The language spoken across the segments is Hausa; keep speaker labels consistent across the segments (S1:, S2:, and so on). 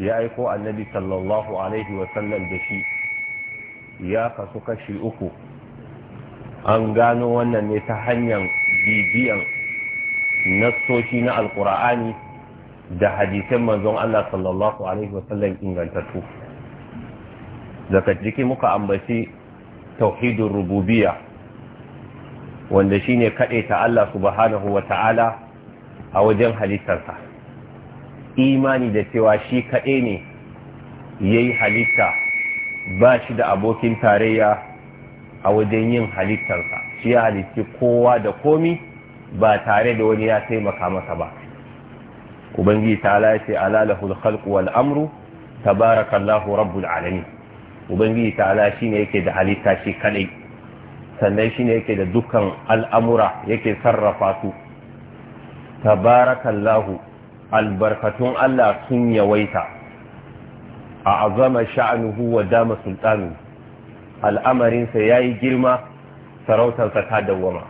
S1: ya aiko annabi sallallahu alaihi wasallam da shi
S2: ya kasu kashi uku an gano wannan ne ta hanyar bibiyan nassoshi na alkur'ani da hadisan manzon Allah sallallahu alaihi wasallam ingantattu daga jiki muka ambaci tauhidin rububiyya wanda shine ta Allah subhanahu wata'ala a wajen halittarsa imani da cewa shi kaɗai ne yayi halitta ba shi da abokin tarayya a wajen yin halittarsa shi ya halitti kowa da komi ba tare da wani ya taimaka masa ba ubangiji ta ce alalahul khalqu wal amru tabarakallahu rabbul alamin ubangiji ta shine yake da halitta shi kadai sannan ne yake da dukkan al'amura yake sarrafa su tabarakallahu albarkatun Allah sun yawaita a azama sha'anuhu wa dama sultanu al'amarinsa ya yi girma sarautarsa ta dawwama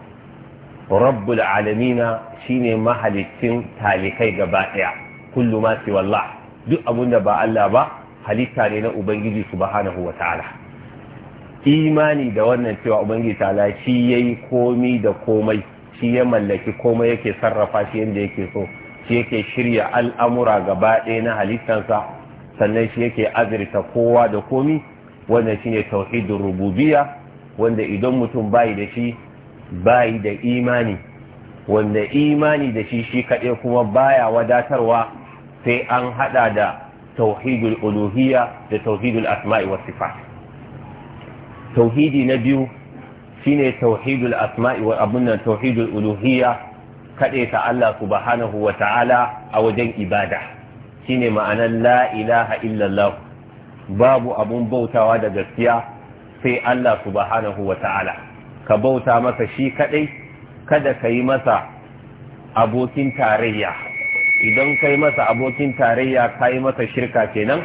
S2: rabbul alamina shine mahalicin talikai gaba ɗaya kullu ma wallah duk abinda ba Allah ba halitta ne na ubangiji subhanahu wa ta'ala imani da wannan cewa ubangiji ta'ala shi yayi komi da komai shi ya mallaki komai yake sarrafa shi yadda yake so shi yake shirya al'amura gaba ɗaya na halittansa sannan shi yake azirta kowa da komi wannan shine tauhidin rububiya wanda idan mutum bayi da shi bayi da imani wanda imani da shi shi kaɗai kuma baya wadatarwa sai an haɗa da tauhidul uluhiyya da tauhidul asma'i wa sifat tauhidi na biyu shine tauhidul asma'i wa abun nan tauhidul uluhiyya kaɗe ta Allah subhanahu wa ta'ala a wajen ibada shine ma'anar la ilaha illallah babu abun bautawa da gaskiya sai Allah subhanahu wa ta'ala ka bauta masa shi kaɗai kada ka yi masa abokin tarayya idan ka yi masa abokin tarayya ka yi masa shirka kenan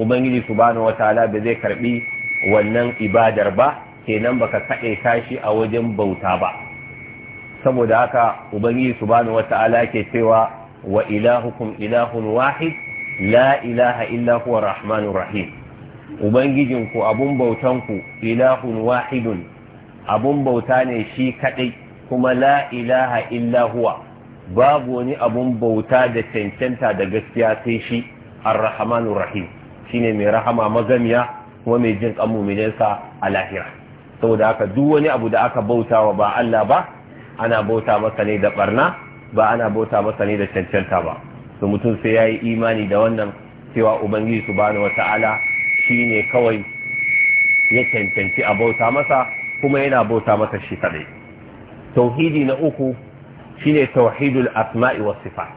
S2: ubangiji subhanahu wa ta'ala ba zai karbi wannan ibadar ba kenan baka kaɗe tashi a wajen bauta ba saboda haka ubangiji subhanahu wata'ala ke cewa wa ilahukum ilahun wahid la ilaha illa huwa rahmanur rahim ubangijinku abun bautan ku ilahun wahidun abun bauta ne shi kaɗai kuma la ilaha illa huwa babu wani abun bauta da cancanta da gaskiya sai shi ar-rahmanur rahim shine mai rahama magamiya kuma mai jin kan sa a lahira saboda haka duk wani abu da aka bauta wa ba Allah ba ana bauta masa ne da barna ba ana bauta masa ne da cancanta ba to mutum sai yayi imani da wannan cewa ubangiji su subhanahu wata'ala shine kawai ya cancanci a bauta masa kuma yana bauta masa shi kadai tauhidi na uku shine tauhidul asma'i was sifat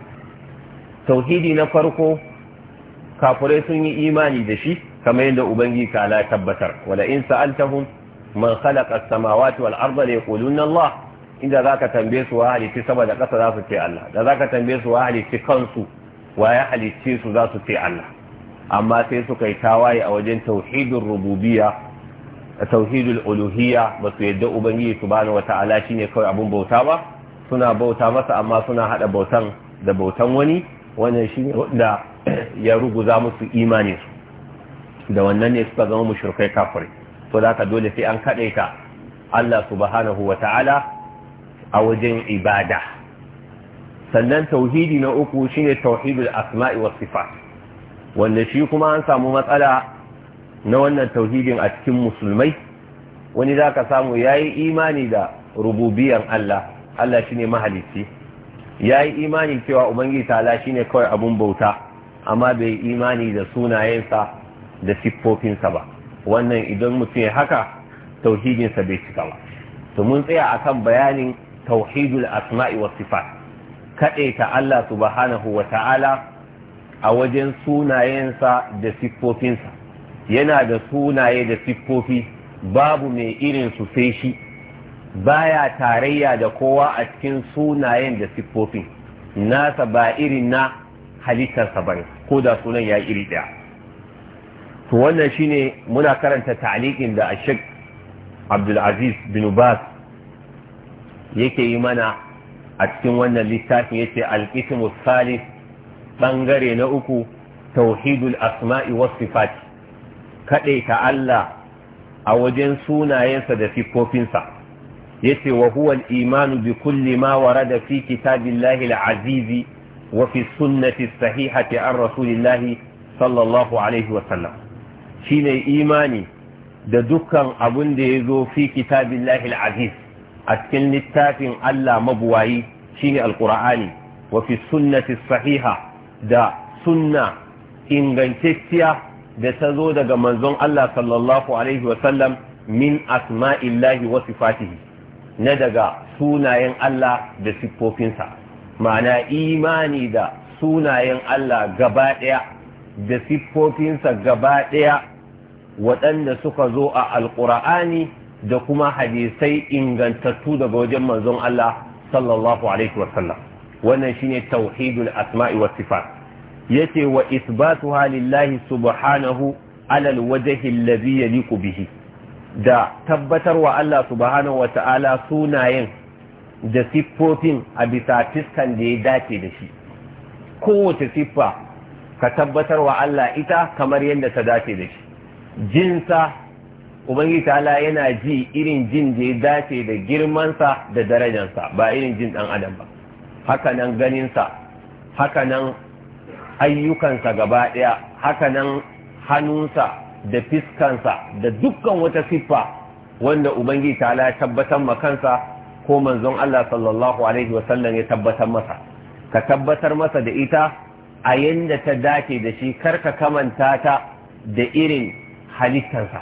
S2: tauhidi na farko kafirai sun yi imani da shi kama yadda ubangi kala tabbatar wala in sa'altahum man khalaqa as-samawati wal arda la yaquluna Allah inda zaka tambaye su wa halitti saboda kasa za su ce Allah da zaka tambaye su wa halitti kansu wa ya halitti su za su ce Allah amma sai su kai tawaye a wajen tauhidur rububiyya tauhidul uluhiyya ba su yadda ubangiji subhanahu wata'ala shine kawai abun bauta ba suna bauta masa amma suna hada bautan da bautan wani wannan shine wanda ya ruguza musu imanin su da wannan ne suka zama mushrikai kafirai to da ka dole sai an kaɗe ka? Allah subhanahu wa ta'ala a wajen ibada sannan tauhidi na uku shine tauhidul asma'i was sifat wanda shi kuma an samu matsala na wannan tauhidin a cikin musulmai wani za ka samu yayi imani da rububiyar Allah Allah shine mahalicci yayi imani cewa Ubangiji Tala shi kawai abun bauta amma bai imani da sunayensa da siffofinsa ba wannan idan mutum ya haka tauhidinsa bai cika ba to mun tsaya akan bayanin tauhidul asma'i wa sifat ta Allah subhanahu wa ta'ala a wajen sunayensa da siffofinsa yana da sunaye da siffofi babu mai irin su sai shi baya tarayya da kowa a cikin sunayen da siffofin nasa ba irin na halittarsa bane ko da sunan ya iri daya to wannan shine muna karanta ta'liqin da a Abdul Aziz bin Bas yake yi mana a cikin wannan littafin yace al-qismu salif bangare na uku tauhidul asma'i was sifat kade ta Allah a wajen sunayensa da sifofinsa yace wa huwa al-iman bi kulli ma warada fi kitabillahi al-aziz wa fi sunnati as-sahihati an rasulillahi sallallahu alaihi wa sallam shine imani da dukkan abun da ya zo fi kitabillahi al-aziz a cikin littafin Allah mabuwayi shine alkur'ani wa fi sunnati sahiha da sunna ingantacciya da ta zo daga manzon Allah sallallahu alaihi Wasallam min asma'illahi wa sifatihi na daga sunayen Allah da siffofinsa ma'ana imani da sunayen Allah gaba ɗaya da siffofinsa gaba ɗaya waɗanda suka zo a alƙura'ani da kuma hadisai ingantattu daga wajen manzon Allah sallallahu alaihi wasallam wannan shine tauhidul asma'i was sifat yace wa isbatu halillahi subhanahu ala alwajhi alladhi yaliqu bihi da tabbatarwa Allah subhanahu wa ta'ala sunayen da siffofin a bisa fiskan da ya dace da shi kowace siffa ka tabbatarwa Allah ita kamar yadda ta dace da shi jinsa ubangiji ta'ala yana ji irin jin da ya dace da girmansa da darajansa ba irin jin dan adam ba haka nan ganinsa haka nan ayyukansa gaba ɗaya haka nan hannunsa da fiskansa da dukkan wata siffa wanda ubangiji ta'ala ya tabbatar kansa ko manzon Allah sallallahu alaihi wa sallam ya tabbatar masa ka tabbatar masa da ita a yanda ta dace da shi karka kamanta ta da irin halittansa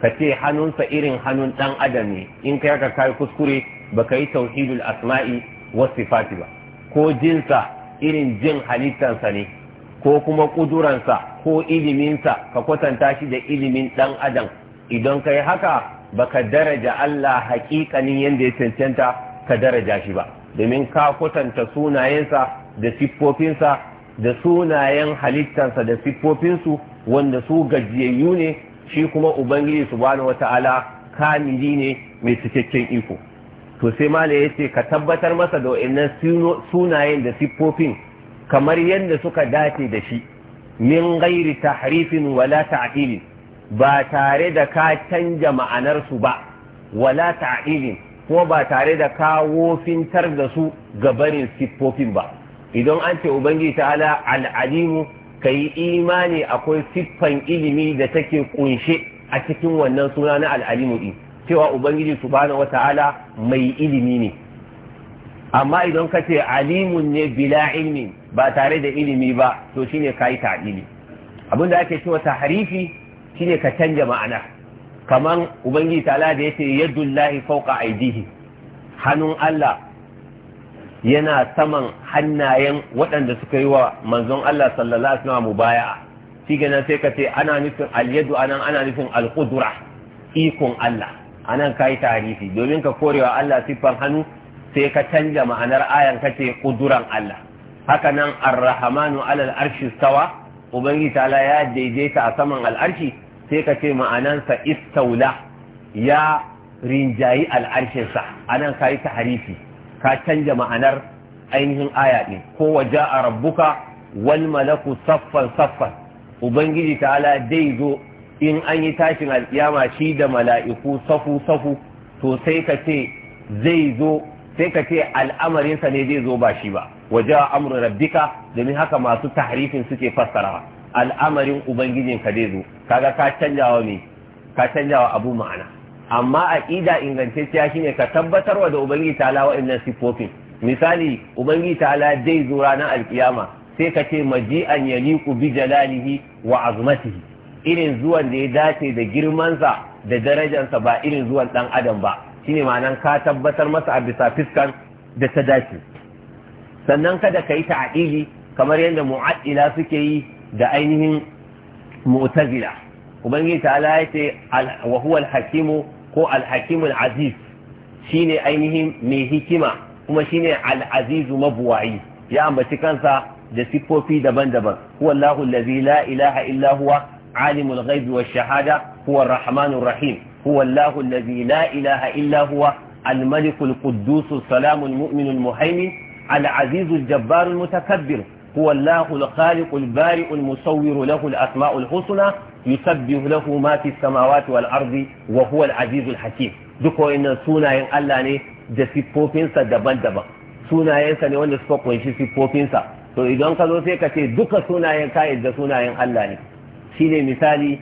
S2: ka ce hannunsa irin hannun ɗan adam ne in kai yaka kai kuskure ba ka yi tauhidul asma'i wa sifati ba ko jinsa irin jin halittansa ne ko kuma ƙuduransa ko iliminsa ka kwatanta shi da ilimin ɗan adam idan ka yi haka ba ka daraja Allah hakikanin yadda ya cancanta ka daraja shi ba domin ka kwatanta sunayensa da siffofinsa da sunayen halittansa da siffofinsu wanda su gajiyayyu ne shi kuma ubangiji subhanahu wata'ala kamili ne mai cikakken iko to sai mala ya ce ka tabbatar masa da wa'annan sunayen da siffofin kamar yadda suka dace da shi min gairi tahrifin wala ta'dilin ba tare da ka canja ma'anarsu ba wala ta'ilin ko ba tare da ka wofintar da su ga barin siffofin ba idan an ce ubangiji ta'ala al'alimu ka yi imani akwai siffan ilimi da take kunshe a cikin wannan suna na al'alimu ɗin cewa ubangiji su wata wata'ala mai ilimi ne amma idan ka ce alimun ne bila ilmi ba tare da ilimi ba to shi ne ka yi ta'ili abin da ake cewa shi shine ka canja ma'ana kamar ubangiji ta'ala da yace yadullahi fauka aidihi hannun Allah yana saman hannayen waɗanda suka yi wa manzon Allah sallallahu alaihi wasallam mubaya'a shi gana sai ka ce ana nufin alyadu nan ana nufin alqudra ikon Allah anan kai tarihi domin ka korewa Allah siffar hannu sai ka canja ma'anar ayan ka ce kuduran Allah haka nan arrahmanu alal arshi sawa, ubangiji ta ya daidaita a saman al'arshi sai ka ce ma'anansa istaula ya rinjayi al'arshinsa anan kai tarihi ka canja ma'anar ainihin aya ɗin ko waje a rabbuka wal malaku saffan saffan ubangiji ta'ala dai zo in an yi tashin alkiyama shi da mala'iku safu safu to sai ka ce zai zo sai ka ce al'amarinsa ne zai zo ba shi ba waje amurin rabbika domin haka masu tahrifin suke fassarawa al'amarin ubangijinka zai zo kaga ka canjawa ne ka canjawa abu ma'ana amma aqida ingantacciya shine ka tabbatar wa da ubangiji ta'ala wa'annan sifofin misali ubangiji ta'ala zai zo ranar alkiyama sai ka ce maji'an ku bi jalalihi wa azmatihi irin zuwan da ya dace da girmansa da darajansa ba irin zuwan dan adam ba shine ma'anan ka tabbatar masa a bisa fiskan da ta dace sannan kada ka yi ta'adili kamar yadda mu'addila suke yi da ainihin mu'tazila ubangiji ta'ala ya ce wa huwa al-hakimu ko alhakimul aziz shine ainihin mai hikima kuma shine al'azizu mabuwayi ya ambaci kansa da siffofi daban-daban huwallahu allazi la ilaha illa huwa alimul ghaibi wash shahada huwa arrahmanur rahim huwallahu allazi la ilaha illa huwa الملك القدوس السلام المؤمن المهيمن العزيز الجبار المتكبر هو الله الخالق البارئ المصور له الأسماء yusabbihu lahu ma fi samawati wal ardi wa huwa azizul hakim duk wayannan sunayen Allah ne da siffofinsa daban-daban sunayensa ne wanda suka kunshi siffofinsa to idan ka zo sai ka ce duka sunayen ka da sunayen Allah ne shine misali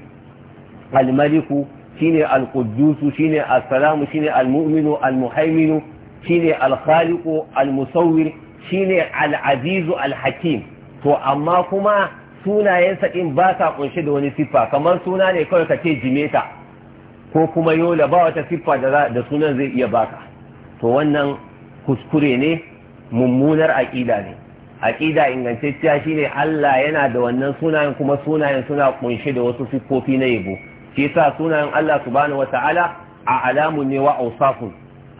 S2: al-maliku shine al-quddusu shine as-salamu shine al-mu'minu al-muhaiminu shine al-khaliqu al-musawwir shine al-azizu al-hakim to amma kuma sunayensa ɗin ba sa ƙunshe da wani siffa kamar suna ne kawai ka ce jimeta ko kuma yola ba wata siffa da sunan zai iya baka to wannan kuskure ne mummunar aƙida ne aƙida ingantacciya shine Allah yana da wannan sunayen kuma sunayen suna ƙunshe da wasu siffofi na yabo shi sa sunayen Allah subhanahu ala a alamun ne wa ausafun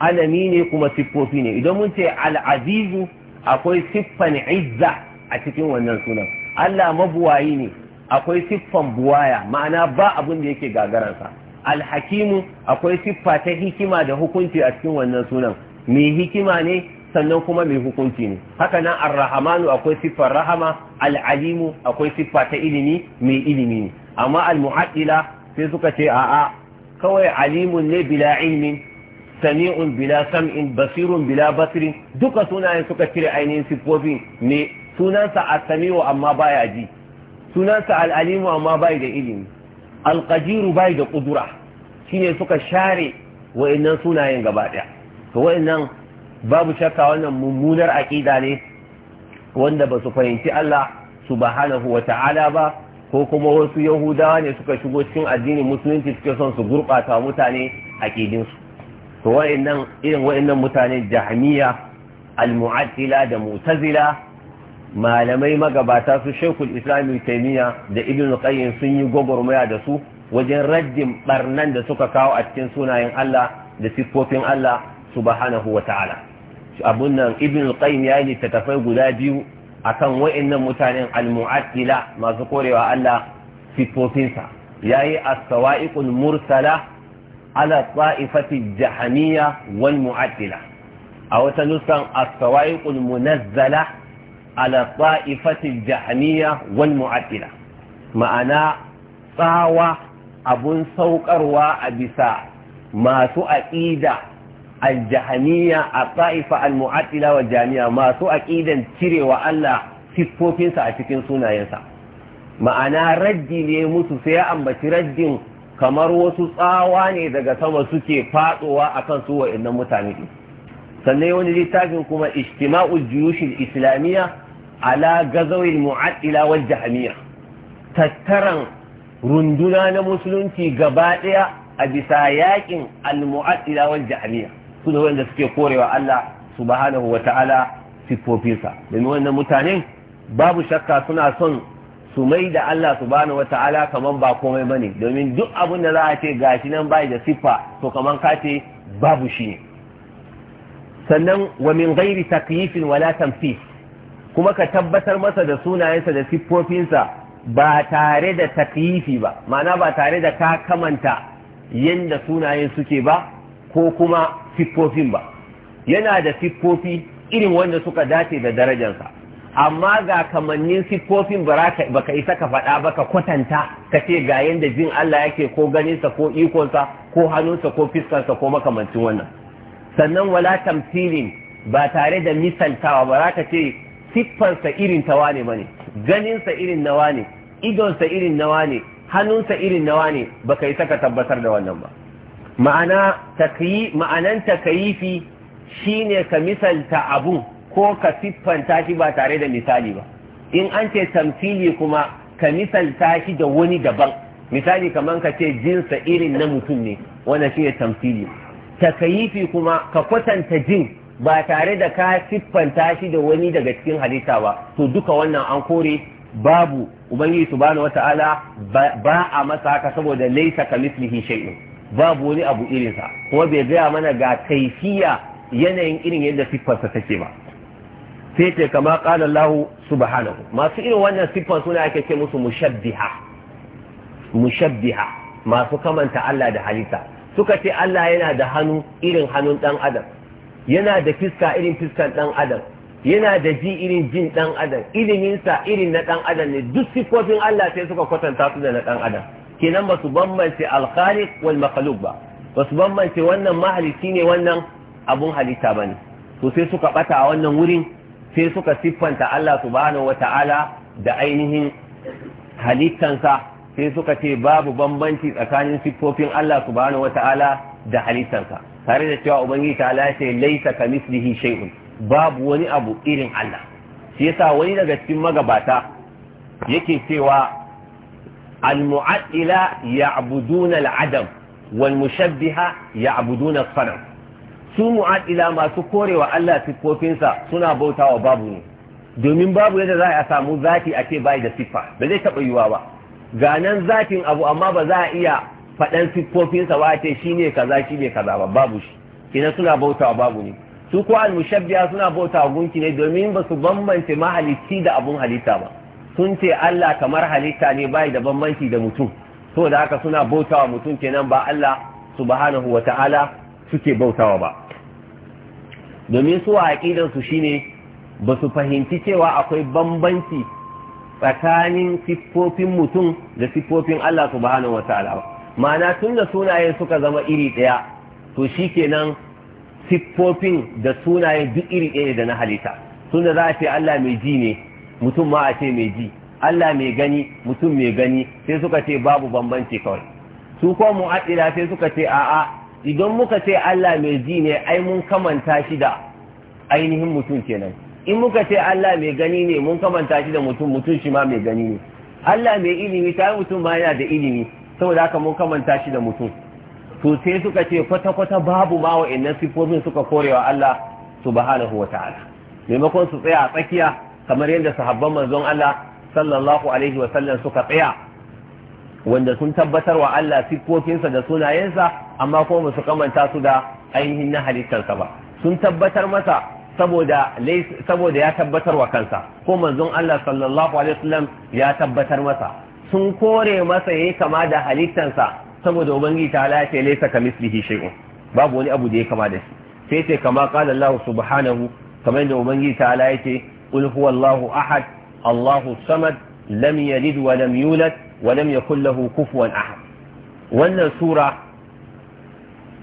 S2: alami ne kuma siffofi ne idan mun ce al'azizu akwai siffan izza a cikin wannan sunan Allah mabuwayi ne akwai siffan buwaya ma'ana ba abin da yake gagaransa alhakimu akwai siffa ta hikima da hukunci a cikin wannan sunan mai hikima ne sannan kuma mai hukunci ne haka nan arrahamanu akwai siffar rahama al'alimu akwai siffa ta ilimi mai ilimi ne amma almuhaddila sai suka ce a'a kawai alimun ne bila ilmin sami'un bila sam'in basirun bila basirin duka sunayen suka cire ainihin siffofin ne. sunansa asami'u amma baya ji sunansa al'alimu amma bai da ilimi alƙajiru bai da ƙudura shine suka share wa'annan sunayen gaba ɗaya to wa'annan babu shakka wannan mummunar aƙida ne wanda ba su fahimci Allah subhanahu wa ta'ala ba ko kuma wasu yahudawa ne suka shigo cikin addinin musulunci suke son su gurɓata mutane aƙidinsu to wa'annan irin wa'annan mutane jahmiya al-mu'attila da mu'tazila malamai magabata su shekul islami taimiyya da ibn qayyim sun yi gwagwarmaya da su wajen raddin barnan da suka kawo a cikin sunayen Allah da siffofin Allah subhanahu wa ta'ala abun nan ibn qayyim ya yi littattafai guda biyu akan wa'annan mutanen al-mu'attila masu korewa Allah siffofinsa yayi as-sawa'iqul mursala ala ta'ifati jahamiyya wal mu'attila a wata nusan as-sawa'iqul munazzala ala ta'ifatil jahmiya wal mu'attila ma'ana tsawa abun saukarwa a bisa masu aqida al-jahmiya a ta'ifa al-mu'attila wa jami'a masu aqidan cirewa Allah siffofinsa a cikin sunayensa ma'ana raddi ne mutu sai ya ambaci raddin kamar wasu tsawa ne daga sama suke fatsowa akan kan su wa'annan mutane sannan wani littafin kuma ijtima'ul juyushil islamiyya ala gazawil mu'addila wal tattaran runduna na musulunci gaba daya a bisa yakin al mu'addila wal su da wanda suke korewa Allah subhanahu wa ta'ala sifofinsa domin wannan mutanen babu shakka suna son su mai da Allah subhanahu wa ta'ala kamar ba komai bane domin duk abin da za a ce gashi nan bai da siffa to kamar ka ce babu shi ne sannan wa min ghairi takyifin wala tamthil kuma ka tabbatar masa da sunayensa da siffofinsa ba tare da takyifi ba ma'ana ba tare da ka kamanta yadda sunayen suke ba ko kuma siffofin ba yana da siffofi irin wanda suka dace da darajarsa amma ga kamannin siffofin ba ka isa ka faɗa ba ka kwatanta ka ce ga yadda jin Allah yake ko ganinsa ko ikonsa ko hannunsa ko fiskansa ko makamancin wannan sannan wala tamsilin ba tare da misaltawa ba za ka ce siffarsa irin ta wane bane ganinsa irin na wane idonsa irin na wane hannunsa irin na wane ka yi saka tabbatar da wannan ba ma'ana ma'anan takayifi shine ka misalta abu ko ka siffanta shi ba tare da misali ba in an ce tamfili kuma ka misalta shi da wani daban misali kamar ka ce jinsa irin na mutum ne wannan shine tamfili takayifi kuma ka kwatanta jin ba tare da ka siffanta shi da wani daga cikin halitta ba to duka wannan an kore babu ubangiji subhanahu wata'ala ba a masa haka saboda laisa kamislihi shay'un babu wani abu irinsa kuma bai gaya mana ga kaifiya yanayin irin yadda siffarsa take ba sai ce kama qala Allah subhanahu masu irin wannan siffar suna ake ce musu mushabbiha mushabbiha masu kamanta Allah da halitta suka ce Allah yana da hannu irin hannun dan adam yana da fiska irin fiskan ɗan adam yana da ji irin jin ɗan adam iliminsa irin na ɗan adam ne duk sifofin Allah sai suka kwatanta su da na ɗan adam kenan ba su bambance alkhaliq wal makhluq ba ba su bambance wannan mahalici ne wannan abun halitta bane to sai suka bata a wannan wurin sai suka siffanta Allah subhanahu wata'ala da ainihin halittansa sai suka ce babu bambanci tsakanin siffofin Allah subhanahu wata'ala da halittansa tare da cewa ubangiji ta lace laisa ka mislihi shay'un babu wani abu irin Allah shi yasa wani daga cikin magabata yake cewa al-mu'attila ya'buduna al-adam wal mushabbiha ya'buduna al sanam su mu'attila masu korewa Allah sifofinsa suna bautawa babu ne domin babu yadda za a samu zati a ce bai da siffa ba zai taɓa ba ga nan zatin abu amma ba za a iya faɗan siffofinsa ba ce shi kaza shi ne kaza ba babu shi kina suna bautawa babu ne su ko almushabbiya suna bautawa gunki ne domin ba su bambance mahalicci da abun halitta ba sun ce Allah kamar halitta ne bai da bambanci da mutum to da haka suna bautawa mutum kenan ba Allah subhanahu ta'ala suke bautawa ba domin su a su shine ba su fahimci cewa akwai bambanci tsakanin siffofin mutum da siffofin Allah subhanahu wata'ala ba ma'ana tun da sunayen suka zama iri ɗaya to shi kenan siffofin da sunayen duk iri ɗaya da na halitta tun da za a ce Allah mai ji ne mutum ma a ce mai ji Allah mai gani mutum mai gani sai suka ce babu bambanci kawai su ko mu'addila sai suka ce a'a idan muka ce Allah mai ji ne ai mun kamanta shi da ainihin mutum kenan in muka ce Allah mai gani ne mun kamanta shi da mutum mutum shi ma mai gani ne Allah mai ilimi ta mutum ma yana da ilimi saboda haka mun kamanta shi da mutum to sai suka ce kwata-kwata babu ma wa'annan sifofin suka wa Allah subhanahu wa ta'ala maimakon su tsaya a tsakiya kamar yadda sahabban manzon Allah sallallahu alaihi wa suka tsaya wanda sun tabbatar wa Allah siffofinsa da sunayensa amma kuma su kamanta su da ainihin na halittarsa ba sun tabbatar masa saboda saboda ya tabbatar wa kansa ko manzon Allah sallallahu alaihi wasallam ya tabbatar masa sun kore masa yayi kama da halittansa saboda ubangiji ta ala ce laysa kamislihi shay'un babu wani abu da ya kama da shi sai ce kama qala Allah subhanahu kamar da ubangiji ta ala yake qul huwallahu ahad Allahu samad lam yalid wa lam yulad wa lam yakul lahu kufuwan ahad wannan sura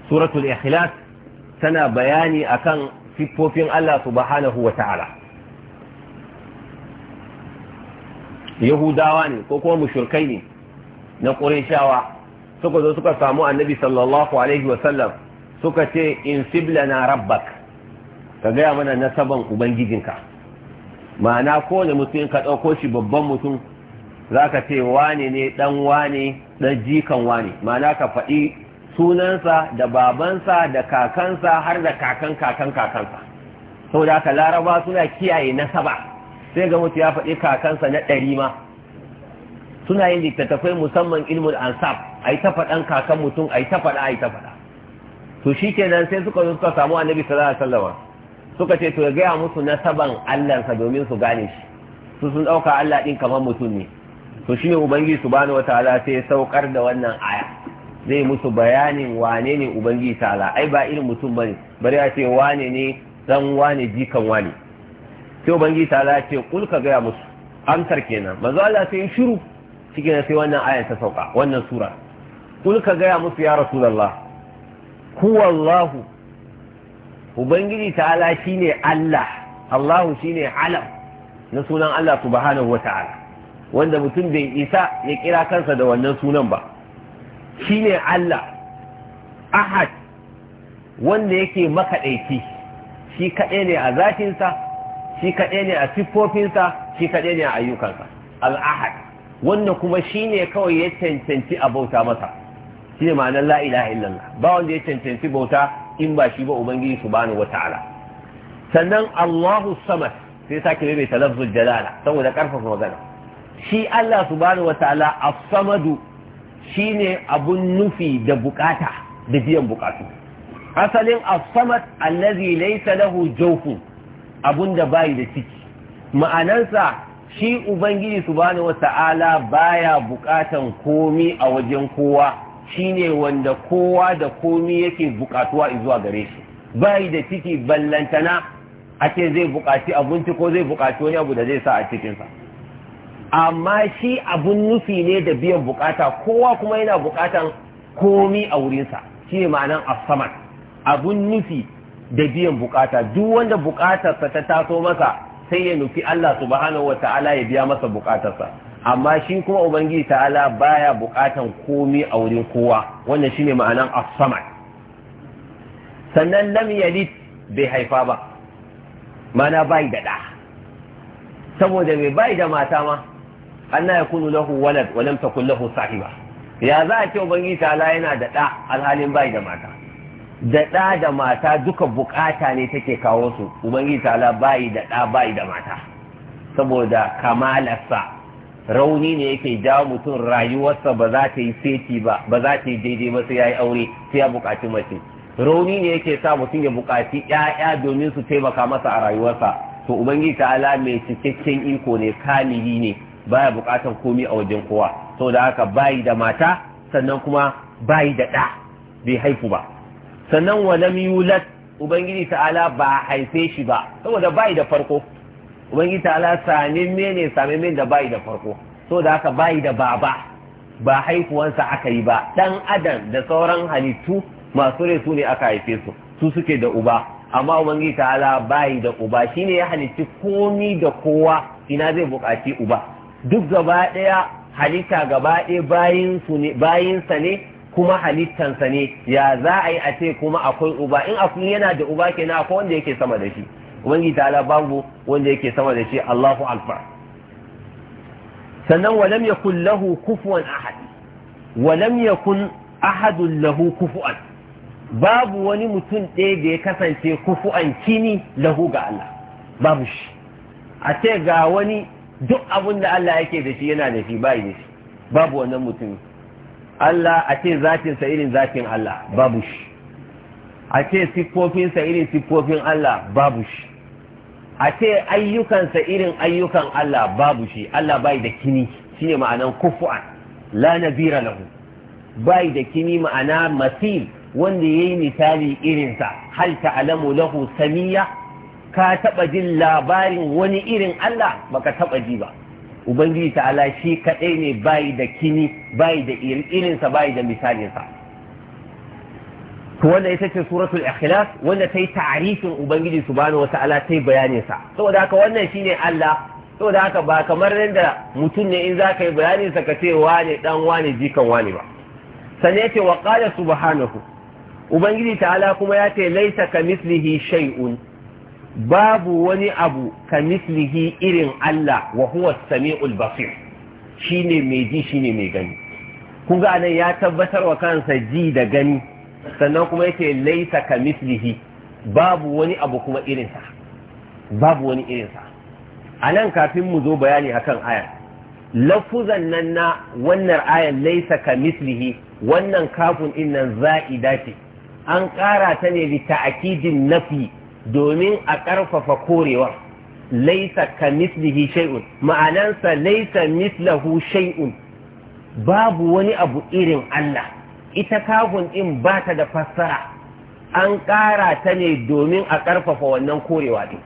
S2: suratul ikhlas tana bayani akan siffofin Allah subhanahu wa ta'ala yahudawa ne ko kuma mushurkai ne na ƙurishawa. suka zo suka samu annabi sallallahu alaihi wasallam suka ce in na rabbak ka gaya mana nasaban ubangijinka ma'ana ko ne mutum ka ɗauko shi babban mutum za ka ce wane ne ɗan wane ɗan jikan wane ma'ana ka faɗi sunansa da babansa da kakansa har da kakan kakan kakansa saboda haka laraba suna kiyaye nasaba sai ga mutu ya faɗi kakansa na ɗari ma suna yin littattafai musamman ilmul ansab a yi ta faɗan kakan mutum a yi ta faɗa a yi ta faɗa to shi kenan sai suka zo suka samu annabi sallallahu alaihi wasallam suka ce to ya gaya musu nasaban allansa domin su gane shi su sun ɗauka allah ɗin kamar mutum ne to shi ne ubangiji subhanahu wataala sai ya saukar da wannan aya zai musu bayanin wane ne ubangiji ta'ala ai ba irin mutum bane bari a ce wane ne dan wane jikan wane sai ubangiji ta ya ce kul gaya musu amsar kenan manzo Allah sai ya shiru cikin sai wannan aya ta sauka wannan sura kul gaya musu ya rasulullah huwallahu ubangiji ta'ala shine Allah Allahu shine alam na sunan Allah subhanahu wa ta'ala wanda mutum bai isa ya kira kansa da wannan sunan ba shine Allah ahad wanda yake makaɗaici shi kaɗai ne a zatinsa shi kaɗai ne a siffofinsa shi kaɗai ne a ayyukansa al'ahad wanda kuma shi ne kawai ya cancanci a bauta masa shi ne ma'anar la'ilaha illallah ba wanda ya cancanci bauta in ba shi ba ubangiji wata ala. sannan Allahu samad sai sake mai talaffuz jalala saboda karfafa magana shi Allah subhanahu wata'ala as-samadu shine abun nufi da bukata da biyan bukatu asalin as-samad allazi laysa lahu abun da bai da ciki ma'anansa shi ubangiji subhanahu wata'ala baya bukatan komi a wajen kowa shine wanda kowa da komi yake bukatuwa zuwa gare shi bai da ciki ballantana a ce zai bukaci abinci ko zai bukaci wani abu da zai sa a cikinsa amma shi abun nufi ne da biyan bukata kowa kuma yana bukatan komi a wurinsa shine ne ma'anan asaman abun nufi da biyan bukata duk wanda bukatarsa ta taso masa sai ya nufi Allah subhanahu wata'ala ya biya masa bukatarsa amma shi kuma ubangiji ta'ala baya bukatan komi a wurin kowa wannan shine ma'anan as-samad sannan lam yalid bai haifa ba mana bai da da saboda mai bai da mata ma anna yakunu lahu walad wa lam takun lahu sahiba ya za a ce ubangiji ta'ala yana da da alhalin bai da mata da ɗa da mata duka bukata ne take kawo su ubangiji ta'ala bayi da ɗa bayi da mata saboda kamalarsa rauni ne yake jawo mutum rayuwarsa ba za ta yi seti ba ba za ta yi daidai ba sai ya yi aure sai ya bukaci mace rauni ne yake sa mutum ya bukaci ƴaƴa domin su taimaka masa a rayuwarsa to ubangiji ta'ala mai cikakken iko ne kamili ne baya bukatan komi a wajen kowa saboda haka bayi da mata sannan kuma bayi da ɗa bai haifu ba sannan wa lam yulad ubangiji ta'ala ba haife shi ba saboda bai da farko ubangiji ta'ala sami me ne same da bai da farko saboda haka bai da baba ba haifuwansa aka yi ba dan adam da sauran halittu masu rai su ne aka haife su su suke da uba amma ubangiji ta'ala bai da uba shine ya halitti komi da kowa ina zai buƙaci uba duk gaba ɗaya halitta gaba ɗaya bayinsa ne kuma halittansa ne ya za a yi a ce kuma akwai uba in akwai yana da uba ke na akwai wanda yake sama da shi ta ta'ala babu wanda yake sama da shi Allahu alfa sannan walam kun lahu kufuwan ahad walam yakun ahadun lahu kufuwan babu wani mutum ɗaya da ya kasance kufuwan kini lahu ga Allah babu shi a ce ga wani duk abin da Allah yake da shi yana da shi bai da shi babu wannan mutum Allah a ce zatinsa irin zatin Allah babu shi a ce siffofinsa irin siffofin Allah babu shi a ce ayyukansa irin ayyukan Allah babu shi Allah bai da kini shine ma'anan kufu'an la nabira lahu bai da kini ma'ana masil wanda yayi misali irinsa hal ta'lamu lahu samiya ka taba jin labarin wani irin Allah baka taba ji ba ubangiji ta'ala shi kaɗai ne bayi da kini bayi da irinsa bayi da misalinsa to wanda ita ce suratul ikhlas wanda ta yi ta'arifin ubangiji subhanahu wa ta'ala ta yi bayaninsa. saboda haka wannan shine Allah saboda haka ba kamar nan da mutum ne in za ka yi bayanin sa ka ce wane dan wane jikan wane ba ya ce wa qala subhanahu ubangiji ta'ala kuma ya ce laisa ka mislihi shay'un babu wani abu ka mislihi irin Allah wa huwa sami'ul basir shine mai ji shine mai gani kun ga ya tabbatar wa kansa ji da gani sannan kuma yake laisa ka mislihi babu wani abu kuma irinsa babu wani irinsa anan kafin mu zo bayani akan aya lafuzan nan na wannan ayan laisa ka mislihi wannan kafin innan za'ida ce an ƙara ta ne bi ta'akidin nafi domin a ƙarfafa korewa laisa ka mislihi shay'un ma'anansa laisa mislahu shay'un babu wani abu irin Allah ita kafin ɗin ba ta da fassara an ƙara ta ne domin a ƙarfafa wannan korewa ɗin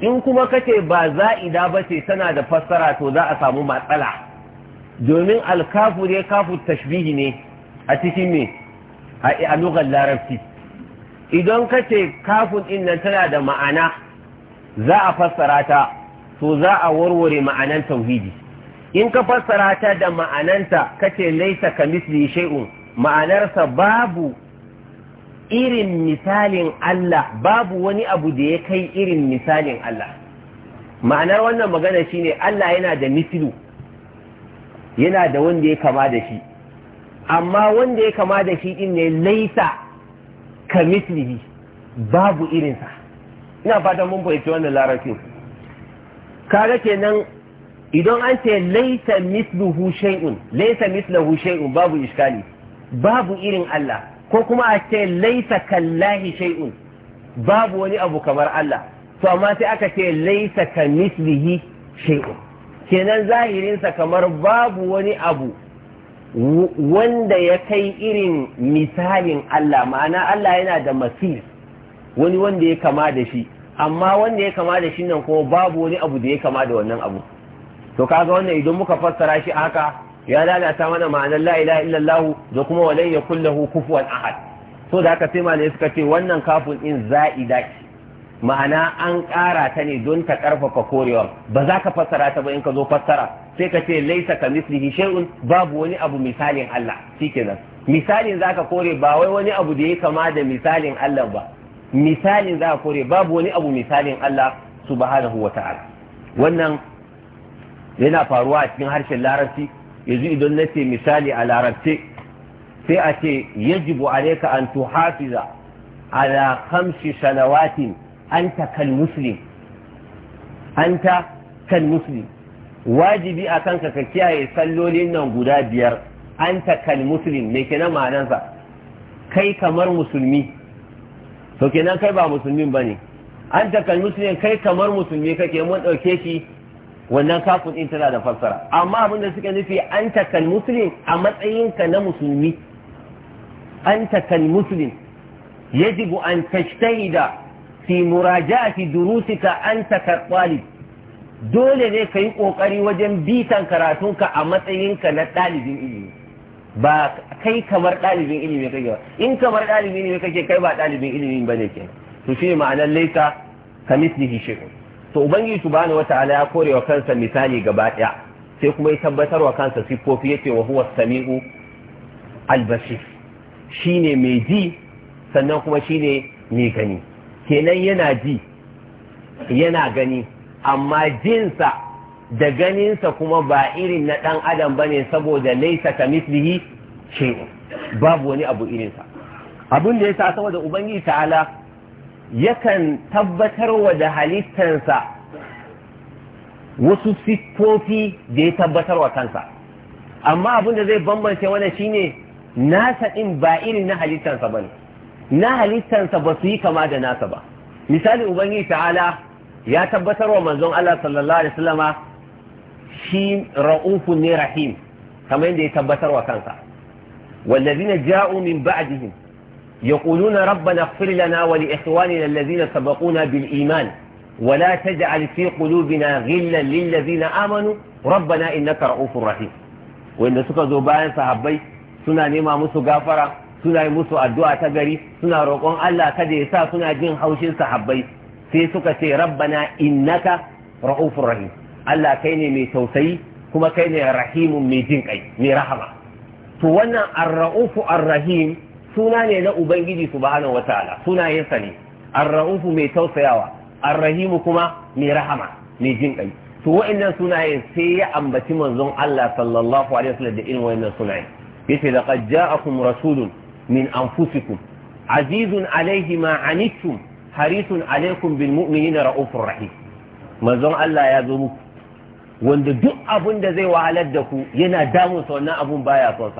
S2: in kuma kace ba za'ida ba ce tana da fassara to za a samu matsala domin alkafu ne kafu tashbihi ne a cikin me a lugar larabci idan ka ce kafin ɗin tana da ma'ana za a fassara ta to za a warware ma'anan tauhidi in ka fassara ta da ma'ananta ka ce laisa ka misli shay'un ma'anarsa babu irin misalin Allah babu wani abu da ya kai irin misalin Allah ma'anar wannan magana shine Allah yana da mislu yana da wanda ya kama da shi amma wanda ya kama da shi din ne laisa kamislihi babu irinsa ina fatan mun fahimci wannan larabcin kaga kenan idan an ce laisa misluhu shay'un laisa misluhu shay'un babu iskali babu irin Allah ko kuma a ce laisa kallahi shay'un babu wani abu kamar Allah to amma sai aka ce laisa ka shay'un kenan zahirinsa kamar babu wani abu wanda ya kai irin misalin Allah ma'ana Allah yana da masir wani wanda ya kama da shi amma wanda ya kama da shi nan kuma babu wani abu da ya kama da wannan abu to kaga wannan idan muka fassara shi haka ya lalata mana ma'anar la ilaha illallah da kuma walayya ya kufuwan ahad to da haka sai malai suka ce wannan kafin in za'ida daki. ma'ana an ƙara ta ne don ta ƙarfafa korewa ba za ka fassara ta ba in ka zo fassara sai ka ce laisa ka mislihi shay'un babu wani abu misalin Allah shikenan misalin za ka kore ba wai wani abu da ya kama da misalin Allah ba misalin za ka kore babu wani abu misalin Allah subhanahu wa ta'ala wannan yana faruwa a cikin harshen larabci yanzu idan na ce misali a larabce sai a ce yajibu alayka an tuhafiza ala khamsi salawatin anta kal wajibi a kanka ka kiyaye sallolin nan guda biyar anta kal muslim me kenan ma'anarsa kai kamar musulmi to kenan kai ba musulmin bane anta kai kamar musulmi kake mun dauke shi wannan kafin ɗin tana da fassara amma abin da suka nufi an takal a matsayinka na musulmi an takal yajibu an tashtahida fi muraja'ati durusika anta katalib dole ne ka yi ƙoƙari wajen bitan karatunka a matsayinka na ɗalibin ilimi ba kai kamar ɗalibin ilimi kake ba in kamar ɗalibin ilimi kake kai ba ɗalibin ilimi ba ne kenan to ma'anar laika ka mislihi shi to ubangiji wata ala ya kore wa kansa misali gaba ɗaya sai kuma ya tabbatar wa kansa sifofi yace wa huwa sami'u albashi shine mai ji sannan kuma shine mai gani kenan yana ji yana gani amma jinsa da ganinsa kuma ba irin na ɗan adam ba ne saboda laisa ka mislihi ce, babu wani abu irinsa abin da ya sa saboda ubangiji ta'ala yakan tabbatarwa da halittansa wasu siffofi da ya tabbatarwa kansa amma abin da zai bambance wani shine nasa ɗin ba irin na halittansa ba ne na halittansa ba su yi kama da nasa ba misali ubangiji ta'ala ya tabbatar wa manzon Allah sallallahu alaihi wasallama shi ra'ufun ne rahim kamar yadda ya tabbatar wa kansa wallazina ja'u min ba'dihim yaquluna rabbana ighfir lana wa li ikhwanina allazina sabaquna bil iman ولا تجعل في قلوبنا غلا للذين آمنوا ka إنك rahim. Wanda suka zo bayan sahabbai suna nema musu gafara. suna yi musu addu'a ta gari suna roƙon Allah kada ya sa suna jin haushin sahabbai sai suka ce rabbana innaka ra'ufur rahim Allah kai ne mai tausayi kuma kai ne rahimun mai jin kai mai rahama to wannan ar-ra'ufu ar-rahim suna ne na ubangiji subhanahu wataala sunayensa ne ar-ra'ufu mai tausayawa ar-rahimu kuma mai rahama mai jin kai to wa'annan sunayen sai ya ambaci manzon Allah sallallahu alaihi wasallam da irin wa'annan sunayen yace laqad ja'akum rasulun min anfusikum azizun alaihi ma anittum harisun alaikum bilmuminina mu'minina ra'ufur rahim manzon Allah ya zo muku wanda duk abun da zai wahalar da ku yana damun sa wannan abun baya son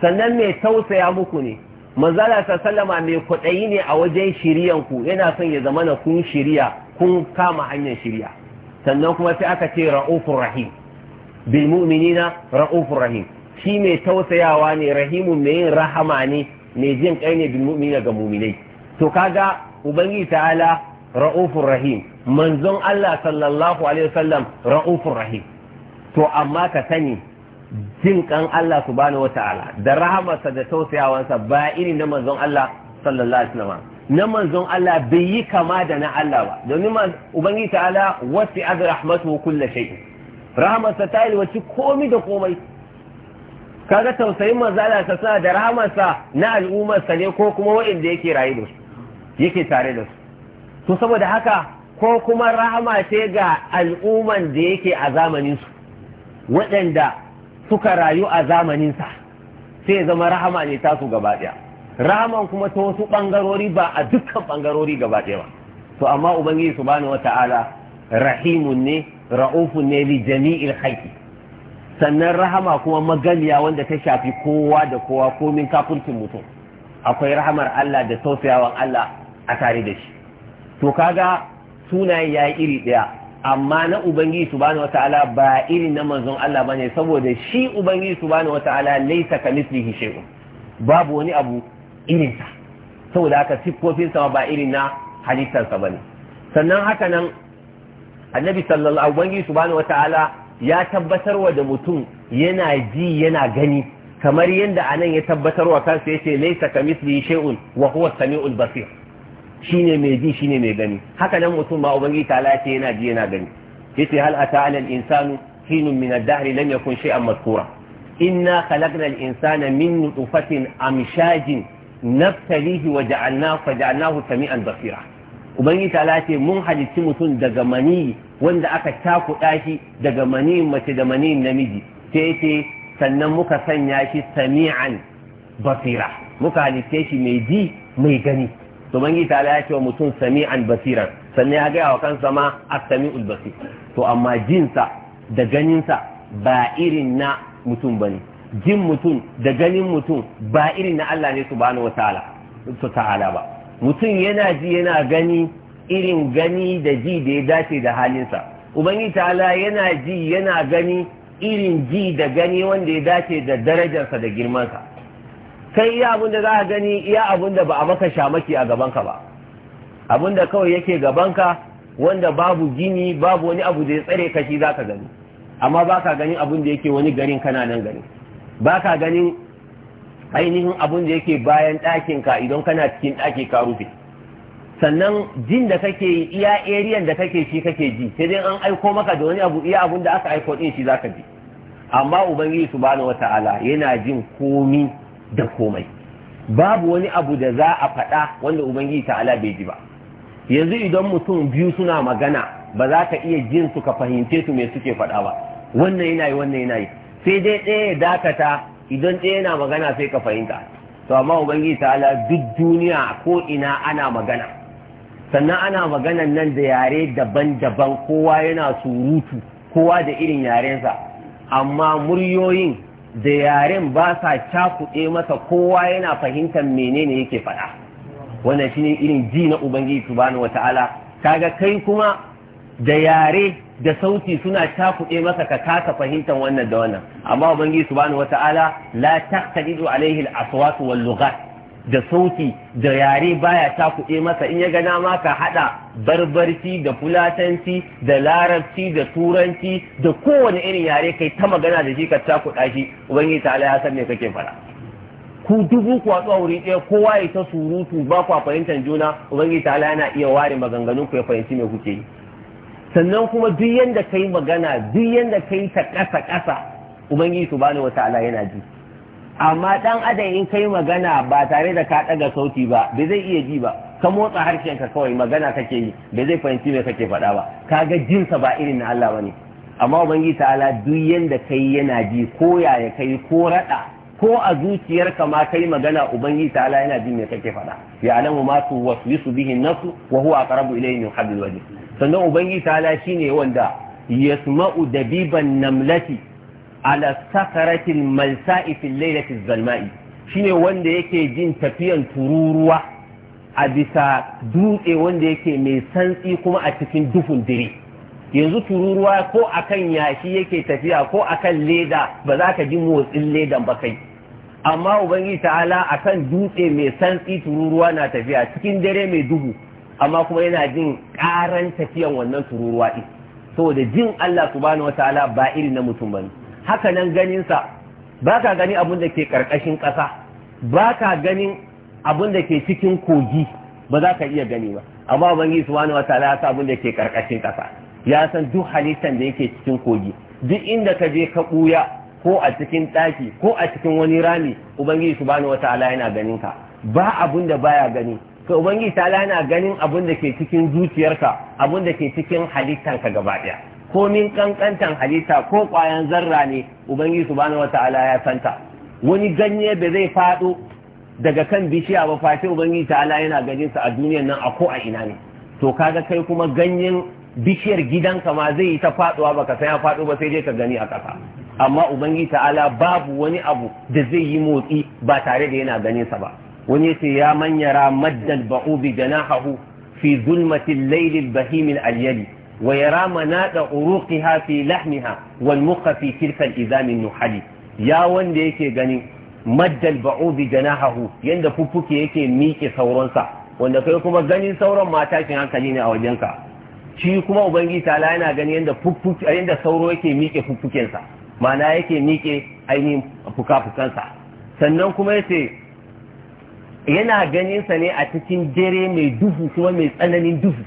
S2: sannan mai tausaya muku ne manzala sallama mai kwaɗayi ne a wajen shiriyan ku yana son ya zama na kun shirya kun kama hanyar shirya sannan kuma sai aka ce ra'ufur rahim rahim shi mai tausayawa ne rahimu mai yin rahama ne mai jin kai ne bil mu'mina ga mu'minai to kaga ubangiji ta'ala ra'ufur rahim manzon Allah sallallahu alaihi wasallam ra'ufur rahim to amma ka sani jin kan Allah subhanahu wata'ala da rahamarsa da tausayawansa ba irin na manzon Allah sallallahu alaihi wasallam na manzon Allah bai yi kama da na Allah ba domin ubangiji ta'ala wasi'a rahmatuhu kullu shay'in rahamarsa ta yi wace komai da komai kaga tausayin manzala ta sa da rahamarsa na al'ummarsa ne ko kuma wa'inda yake rayu da su yake tare da su to saboda haka ko kuma rahama ce ga al'umman da yake a zamanin su waɗanda suka rayu a zamaninsa sai zama rahama ne tasu gaba ɗaya rahaman kuma ta wasu ɓangarori ba a dukkan ɓangarori gaba ɗaya ba to amma ubangiji subhanahu wata'ala rahimun ne ra'ufun ne li jami'il haƙi sannan rahama kuma maganiya wanda ta shafi kowa da kowa komin kafurcin mutum akwai rahamar Allah da tausayawan Allah a tare da shi to kaga sunayen ya yi iri ɗaya amma na ubangiji subhanahu wataala ba iri na manzon Allah bane saboda shi ubangiji subhanahu wataala ka mislihi shay'un babu wani abu irin sa saboda haka sa ba irin na sa bane sannan haka nan annabi sallallahu alaihi subhanahu wataala ya tabbatarwa da mutum yana ji yana gani kamar yadda anan ya tabbatar wa kansa yace laisa kamithlihi shay'un wa huwa samiul basir shine mai ji shine mai gani haka nan mutum ma ubangiji ta ce yana ji yana gani yace hal ata al insanu hinun min ad-dahr lam yakun shay'an madhkura inna khalaqna al insana min nutfatin amshajin nabtalihi wa ja'alnahu fa ja'alnahu sami'an basira ubangiji ta ce mun halicci mutum daga mani wanda aka cakuɗa shi daga maniyin mace da maniyin namiji sai ce sannan muka sanya shi sami'an basira muka halitta shi mai ji mai gani to bangi ta ya ce wa mutum sami'an basira. sannan ya gaya wa kansa ma as-sami'ul basir to amma jinsa da ganinsa ba irin na mutum bane jin mutum da ganin mutum ba irin na Allah ne subhanahu wataala ta'ala ba mutum yana ji yana gani irin gani da ji da ya dace da halinsa ubangi ta'ala yana ji yana gani irin ji da gani wanda ya dace da darajarsa da girmansa kai iya abin da za ka gani iya abin da ba a maka shamaki a gabanka ba abin da kawai yake gabanka wanda babu gini babu wani abu da ya tsare ka za ka gani amma ba ka ganin abin da yake wani garin kana nan gani ba ka ganin ainihin abin da yake bayan ɗakinka idan kana cikin ɗaki ka rufe sannan jin da kake yi iya ariyan da kake shi kake ji sai dai an aiko maka da wani abu iya abun da aka aiko din shi zaka ji amma ubangiji subhanahu wataala yana jin komi da komai babu wani abu da za a faɗa wanda ubangiji ta'ala bai ji ba yanzu idan mutum biyu suna magana ba za ka iya jin su ka fahimce su me suke faɗa ba wannan yana yi wannan yana yi sai dai ɗaya ya dakata idan ɗaya yana magana sai ka fahimta to amma ubangiji ta'ala duk duniya ko ina ana magana sannan ana maganan nan da yare daban-daban kowa yana surutu kowa da irin yarensa amma muryoyin da yaren ba sa cakuɗe masa kowa yana fahimtar menene yake faɗa wannan shine irin ji na ubangiji subhanahu wata'ala kaga kai kuma da yare da sauti suna cakuɗe masa ka kasa fahimtar wannan da wannan amma ubangiji subhanahu wata'ala la taqtadidu alaihi al-aswat wal lughat da sauki da yare baya ta kuɗe masa in ya ga dama ka haɗa barbarci da fulatanci da larabci da turanci da kowane irin yare kai ta magana da shi ka ta kuɗa shi ubangiji ta ya san me kake fara ku dubu ku a wuri ɗaya kowa ya ta surutu ba ku fahimtar juna ubangiji ta yana iya ware maganganun ku ya fahimci me kuke yi sannan kuma duk yanda kai magana duk yanda kai ta ƙasa ƙasa ubangiji subhanahu wataala yana ji amma dan adam in kai magana ba tare da ka daga sauti ba bai zai iya ji ba ka motsa harshen ka kawai magana kake yi bai zai fahimci me kake faɗa ba kaga jinsa ba irin na Allah bane amma ubangiji ta'ala duk yanda kai yana ji ko yaya kai ko rada ko a zuciyarka ma kai magana ubangiji ta'ala yana ji me kake faɗa ya alamu ma tu waswisu bihi nafsu wa huwa aqrabu ilayhi min hadil wajh sannan ubangiji ta'ala shine wanda yasma'u dabiban namlati ala sakaratin malsa'i fil lailati zalma'i shine wanda yake jin tafiyan tururuwa a bisa dutse wanda yake mai santsi kuma a cikin duhun dire yanzu tururuwa ko akan yashi yake tafiya ko akan leda ba za ka ji motsin ledan ba kai amma ubangiji ta'ala akan dutse mai santsi tururuwa na tafiya cikin dare mai duhu amma kuma yana jin karan tafiyan wannan tururuwa din saboda jin Allah subhanahu wataala ba iri na mutum bane haka nan ganinsa ba ka gani abin da ke ƙarƙashin ƙasa ba ka ganin abin da ke cikin kogi ba za ka iya gani ba amma ubangiji subhanahu wataala ya san abin da ke ƙarƙashin ƙasa ya san duk halittan da yake cikin kogi duk inda ka je ka ɓuya ko a cikin ɗaki ko a cikin wani rami ubangiji subhanahu wataala yana ganin ka ba abin da baya gani ka ubangiji ta yana ganin abin da ke cikin zuciyarka abin da ke cikin halittanka gaba ɗaya komin kankantan halitta ko kwayan zarra ne ubangiji subhanahu wataala ya santa wani ganye da zai fado daga kan bishiya ba face ubangiji ta'ala yana ganin sa a duniyar nan a ko a ina ne to kaga kai kuma ganyen bishiyar gidanka ma zai yi ta faduwa ka san ya fado ba sai dai ka gani a kasa amma ubangiji ta'ala babu wani abu da zai yi motsi ba tare da yana ganin sa ba wani yace ya manyara maddal ba'u bi janahu fi zulmatil laylil bahimil alyali ويرى مناط عروقها في لحمها والمخ في تلك الإزام النحلي يا وند يكي غني مد البعوض جناحه يند ففك يكي ميكي ثورنسا wanda kai kuma ganin sauran mata hankali ne a wajenka shi kuma ubangi tala yana gani a fuffuke yanda sauro yake miƙe fuffukensa ma'ana yake miƙe ainihin fuka-fukansa sannan kuma yace yana ganinsa ne a cikin dare mai duhu kuma mai tsananin duhu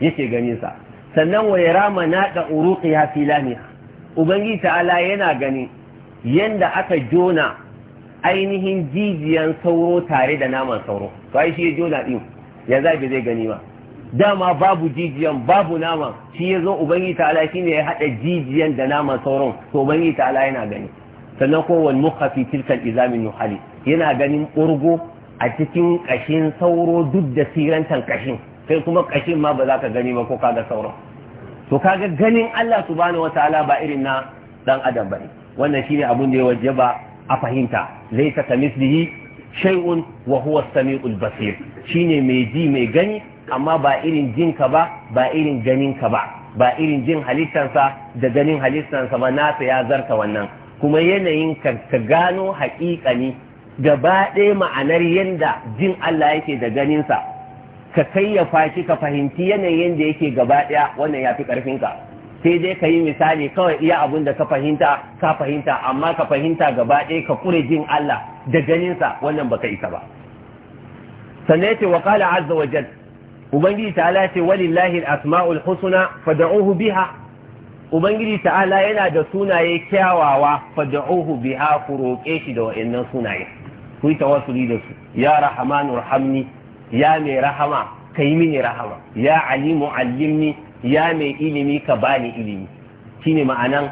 S2: yake ganinsa sannan wa yara naɗa uruqiha fi lamiha ubangi ta'ala yana gani yanda aka jona ainihin jijiyan sauro tare da naman sauro to shi ya jona ɗin, ya zabi zai gani ba dama babu jijiyan babu nama shi ya zo ubangi ta'ala ne ya haɗa jijiyan da naman sauron to ubangi ta'ala yana gani sannan kowane muka mukha fi izamin nuhali yana ganin urgo a cikin ƙashin sauro duk da sirantan ƙashin. kai kuma kashin ma ba za ka gani ba ko kaga sauran to kaga ganin Allah subhanahu wataala ba irin na dan adam bane wannan shine abun da ya wajaba a fahimta laysa kamislihi shay'un wa huwa as-sami'ul basir shine mai ji mai gani amma ba irin jinka ba ba irin ganinka ba ba irin jin halittarsa da ganin halittarsa ba nasa ya zarta wannan kuma yanayin ka gano haƙiƙani gaba ɗaya ma'anar yadda jin Allah yake da ganinsa ka kayyafa shi ka fahimci yanayin da yake gaba ɗaya wannan ya fi ƙarfinka sai dai ka yi misali kawai iya abun da ka fahimta ka fahimta amma ka fahimta gaba ɗaya ka kure jin Allah da ganinsa wannan baka isa ba sannan yace wa qala azza wa jal ubangiji ta'ala ce walillahi al-asma'ul husna fad'uhu biha ubangiji ta'ala yana da sunaye kyawawa fad'uhu biha ku roke shi da wa'annan sunaye ku yi tawassuli da su ya rahmanur rahamni ya mai rahama ka yi mini rahama ya alimu allimni ya mai ilimi ka bani ilimi shine ma'anan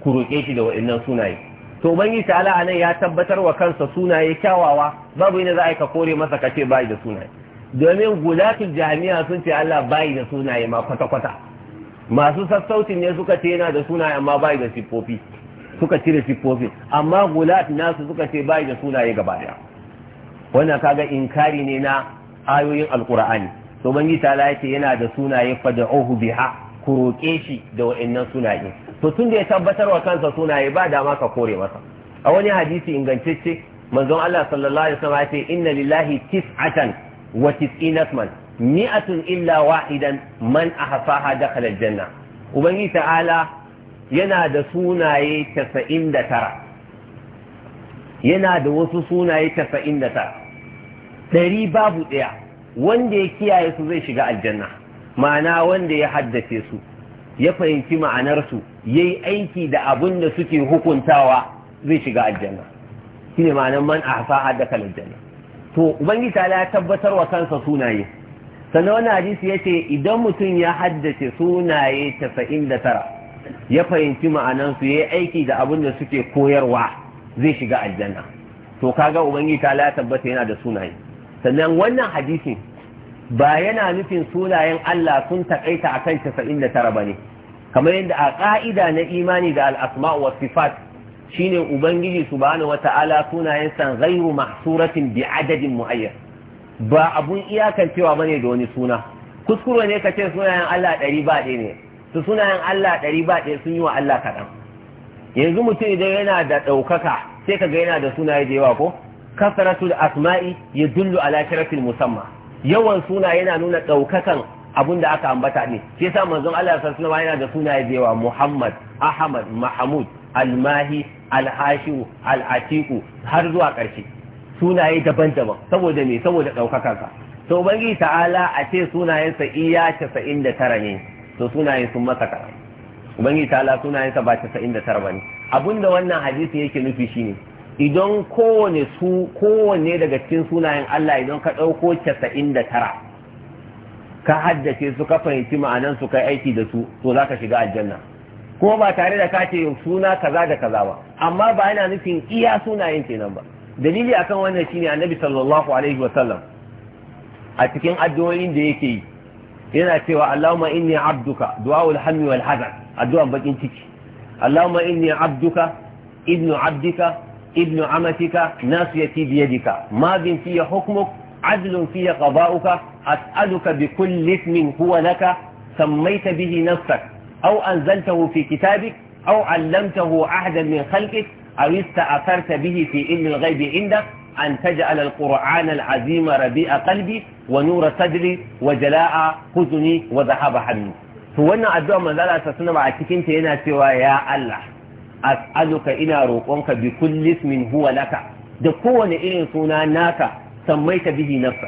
S2: ku roƙe shi da waɗannan sunaye to ubangiji ta'ala anan ya tabbatar wa kansa sunaye kyawawa babu yadda za a yi ka kore masa ka ce bai da sunaye domin gudatul jami'a sun ce Allah bai da sunaye ma kwata-kwata masu sassautin ne suka ce yana da sunaye amma bai da siffofi suka cire siffofin amma gulat nasu suka ce bai da sunaye gaba daya wannan kaga inkari ne na ayoyin alkur'ani to bangi ta yace yana da sunaye fad'uhu biha ku roƙe shi da wa'annan sunaye to tun da ya tabbatar wa kansa sunaye ba dama ka kore masa a wani hadisi ingantacce manzon Allah sallallahu alaihi wasallam yace inna lillahi tis'atan wa tis'ina man, mi'atun illa wahidan man ahsaha dakhala aljanna ubangi ta'ala yana da sunaye 99 yana da wasu sunaye 99 ɗari babu ɗaya wanda ya kiyaye su zai shiga aljanna ma'ana wanda ya haddace su ya fahimci ma'anarsu ya yi aiki da abin da suke hukuntawa zai shiga aljanna shi ne ma'anar man ahsa haddaka aljanna to ubangiji ta ya tabbatar wa kansa sunaye sannan wani hadisi ya ce idan mutum ya haddace sunaye casa'in da tara ya fahimci ma'anansu ya yi aiki da abin da suke koyarwa zai shiga aljanna to kaga ubangiji ta ya tabbata yana da sunaye sannan wannan hadisin ba yana nufin sunayen Allah sun takaita a tara ba ne kamar yadda a ƙa'ida na imani da al'asma'u wa sifat shine ubangiji su subhanahu wata'ala sunayen san ghairu mahsuratin bi adadin mu'ayyar ba abun iyakancewa ne da wani suna kuskure ne ka kace sunayen Allah ɗari ba ɗaya ne su sunayen Allah ɗari ba ɗaya sun yi wa Allah kaɗan yanzu mutum idan yana da ɗaukaka sai ka ga yana da sunaye da yawa ko kasaratul asma'i ya dullu ala sharafil musamma yawan suna yana nuna ɗaukakan abun da aka ambata ne shi yasa manzon Allah sallallahu alaihi yana da sunaye da Muhammad Ahmad Mahmud Almahi al Alatiku har zuwa ƙarshe sunaye daban-daban saboda me saboda ɗaukakan ka to bangi ta'ala a ce sunayensa iya 99 ne to sunayen sun masa kara ubangi ta'ala sunayensa ba 99 bane abinda wannan hadisi yake nufi shine idan kowane su kowane daga cikin sunayen Allah idan ka ɗauko casa'in da tara ka haddace su ka fahimci ma'anan su kai aiki da su to za ka shiga aljanna kuma ba tare da ka ce suna kaza da kaza ba amma ba yana nufin iya sunayen kenan ba dalili akan wannan shine annabi sallallahu alaihi wa sallam a cikin addu'o'in da yake yi yana cewa Allahumma inni abduka du'aul hammi wal hazan addu'an bakin ciki Allahumma inni abduka ibnu abdika ابن عمتك ناصيتي بيدك ماض في حكمك عدل في قضاؤك أسألك بكل اسم هو لك سميت به نفسك أو أنزلته في كتابك أو علمته أحدا من خلقك أو استأثرت به في علم الغيب عندك أن تجعل القرآن العظيم ربيع قلبي ونور صدري وجلاء حزني وذهاب حمي فوانا أدعو من ذلك سنة مع كتنت هنا سوى يا الله as'aluka ina roƙonka bi kulli ismin huwa laka da kowane irin suna naka sammaita bihi nafsa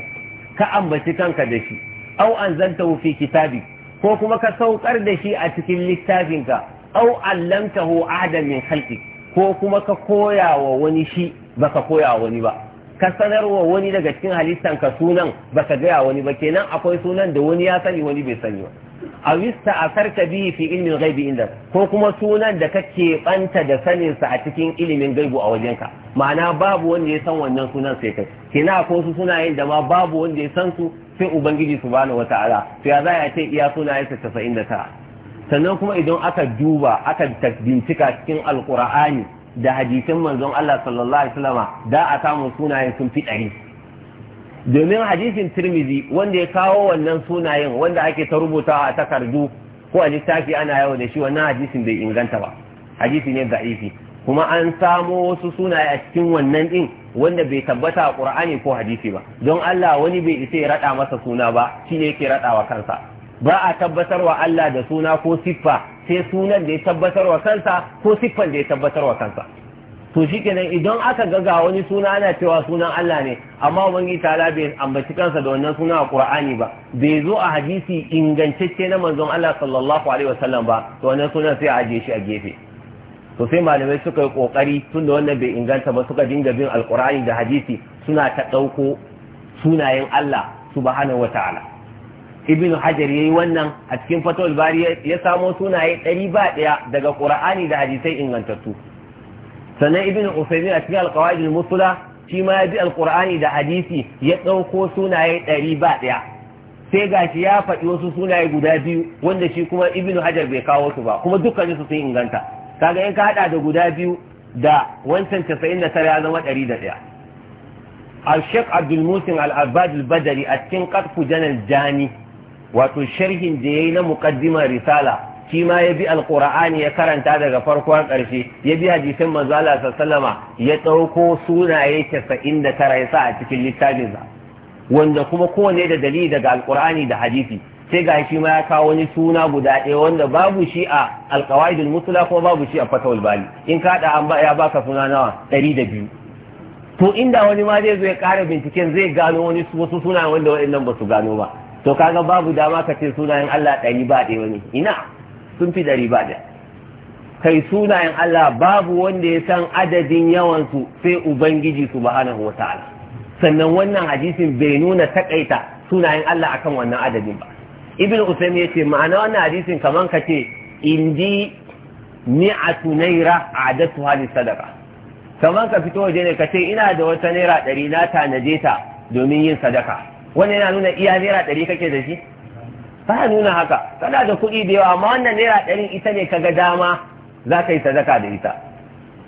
S2: ka ambaci kanka da shi au anzaltahu fi kitabi ko kuma ka saukar da shi a cikin littafinka au allamtahu ahadan min khalqi ko kuma ka koya wa wani shi baka koya wa wani ba ka sanarwa wani daga cikin halittanka sunan baka gaya wani ba kenan akwai sunan da wani ya sani wani bai sani ba aw yasta'sarta bi fi ilmi al-ghaibi inda ko kuma sunan da kake banta da sanin sa a cikin ilimin gaibu a wajenka ma'ana babu wanda ya san wannan sunan sai kai kina ko su sunayen da ma babu wanda ya san su sai ubangiji subhanahu wata'ala to ya za ce iya sunayen sa 99 sannan kuma idan aka duba aka bincika cikin alqur'ani da hadisin manzon Allah sallallahu alaihi wasallama da a samu sunayen sun fi ɗari domin hadisin tirmizi wanda ya kawo wannan sunayen wanda ake ta rubuta a takardu ko a littafi ana yawo da shi wannan hadisin bai inganta ba hadisi ne da'ifi kuma an samo wasu sunaye a cikin wannan din wanda bai tabbata a qur'ani ko hadisi ba don Allah wani bai isa ya rada masa suna ba ne yake radawa kansa ba a tabbatarwa Allah da suna ko siffa sai sunan da ya tabbatarwa kansa ko siffan da ya tabbatar wa kansa to shi kenan idan aka gaga ga wani suna ana cewa sunan Allah ne amma wani itala bai ambaci kansa da wannan suna a Qur'ani ba bai zo a hadisi ingantacce na manzon Allah sallallahu alaihi wasallam ba to wannan sunan sai a aje shi a gefe to sai malamai suka yi kokari da wannan bai inganta ba suka dinga bin alqur'ani da hadisi suna ta ɗauko sunayen Allah subhanahu wataala ibn hajar yayi wannan a cikin fatul bari ya samo sunaye ɗari ba ɗaya daga qur'ani da hadisai ingantattu sannan ibn usaimin a cikin al-Qawaid al-musula shi ma ya bi qurani da hadisi ya dauko sunaye ɗari ba ɗaya sai gashi ya faɗi wasu sunaye guda biyu wanda shi kuma ibn hajar bai kawo su ba kuma dukkanin su sun inganta kaga in ka hada da guda biyu da wancan 99 ya zama ɗaya. al-sheikh abdul musin al-abbad al-badari a cikin qatfu janal jani wato sharhin da yayi na muqaddimar risala shi ma ya bi alkur'ani ya karanta daga farkon karshe ya bi hadisin manzo Allah sallama ya ɗauko sunaye 99 ya sa a cikin littafinsa wanda kuma kowane da dalili daga alqur'ani da hadisi sai ga shi ma ya kawo wani suna guda ɗaya wanda babu shi a alƙawaidul musula ko babu shi a fatawul bali in ka da an ya baka suna nawa ɗari da biyu to inda wani ma zai zo ya ƙara binciken zai gano wani wasu suna wanda waɗannan ba su gano ba to kaga babu dama ka ce sunayen Allah ɗari ba ɗaya wani ina sun fi ɗari ba da kai sunayen Allah babu wanda ya san adadin yawansu sai Ubangiji su hana wa ta'ala sannan wannan hadisin bai nuna takaita sunayen Allah akan wannan adadin ba ibn usain ya ce ma'ana wannan hadisin kamar ka ce inji ni'atu naira adatu hali sadaka Kamar ka fito waje ne ka ce ina da wata naira ɗari na tanaje ta domin yin sadaka wannan yana nuna iya naira ɗari kake da shi ba nuna haka kana da kuɗi da yawa amma wannan naira ɗari ita ne kaga dama za ka yi sadaka da ita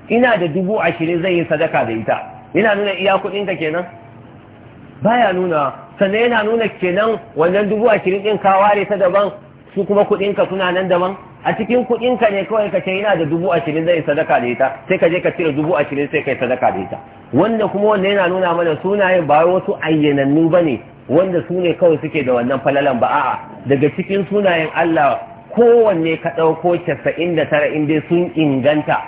S2: ina da dubu ashirin zai yi sadaka da ita ina nuna iya kuɗinka kenan baya nuna sannan yana nuna kenan wannan dubu ashirin ɗin ka ware ta daban su kuma kuɗinka suna nan daban a cikin kuɗinka ne kawai ka ce yana da dubu ashirin zai yi sadaka da ita sai ka je ka cire dubu ashirin sai ka yi sadaka da ita wanda kuma wanda yana nuna mana sunayen ba wasu ayyanannu ba ne wanda su ne kawai suke da wannan falalan ba a'a daga cikin sunayen Allah kowanne ka ɗauko casa'in da tara in dai sun inganta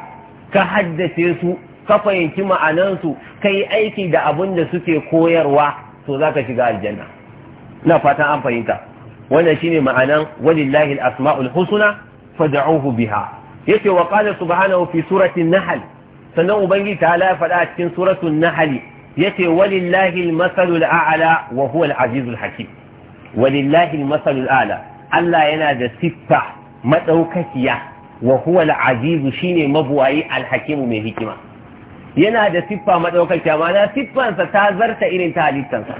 S2: ka haddace su ka fahimci ma'anansu ka yi aiki da abin da suke koyarwa to za ka shiga aljanna na fatan an fahimta wannan shine ma'anan walillahi al-asma'ul husna fad'uhu biha yace wa qala subhanahu fi surati an-nahl sannan ubangiji ta ya faɗa a cikin suratul nahl yace walillahi masalul a'la wa huwa alazizul hakim walillahi masalul a'la Allah yana da siffa madaukakiya wa huwa alazizu shine mabuwayi alhakimu mai hikima yana da siffa madaukakiya ma'ana siffansa ta zarta irin ta halittansa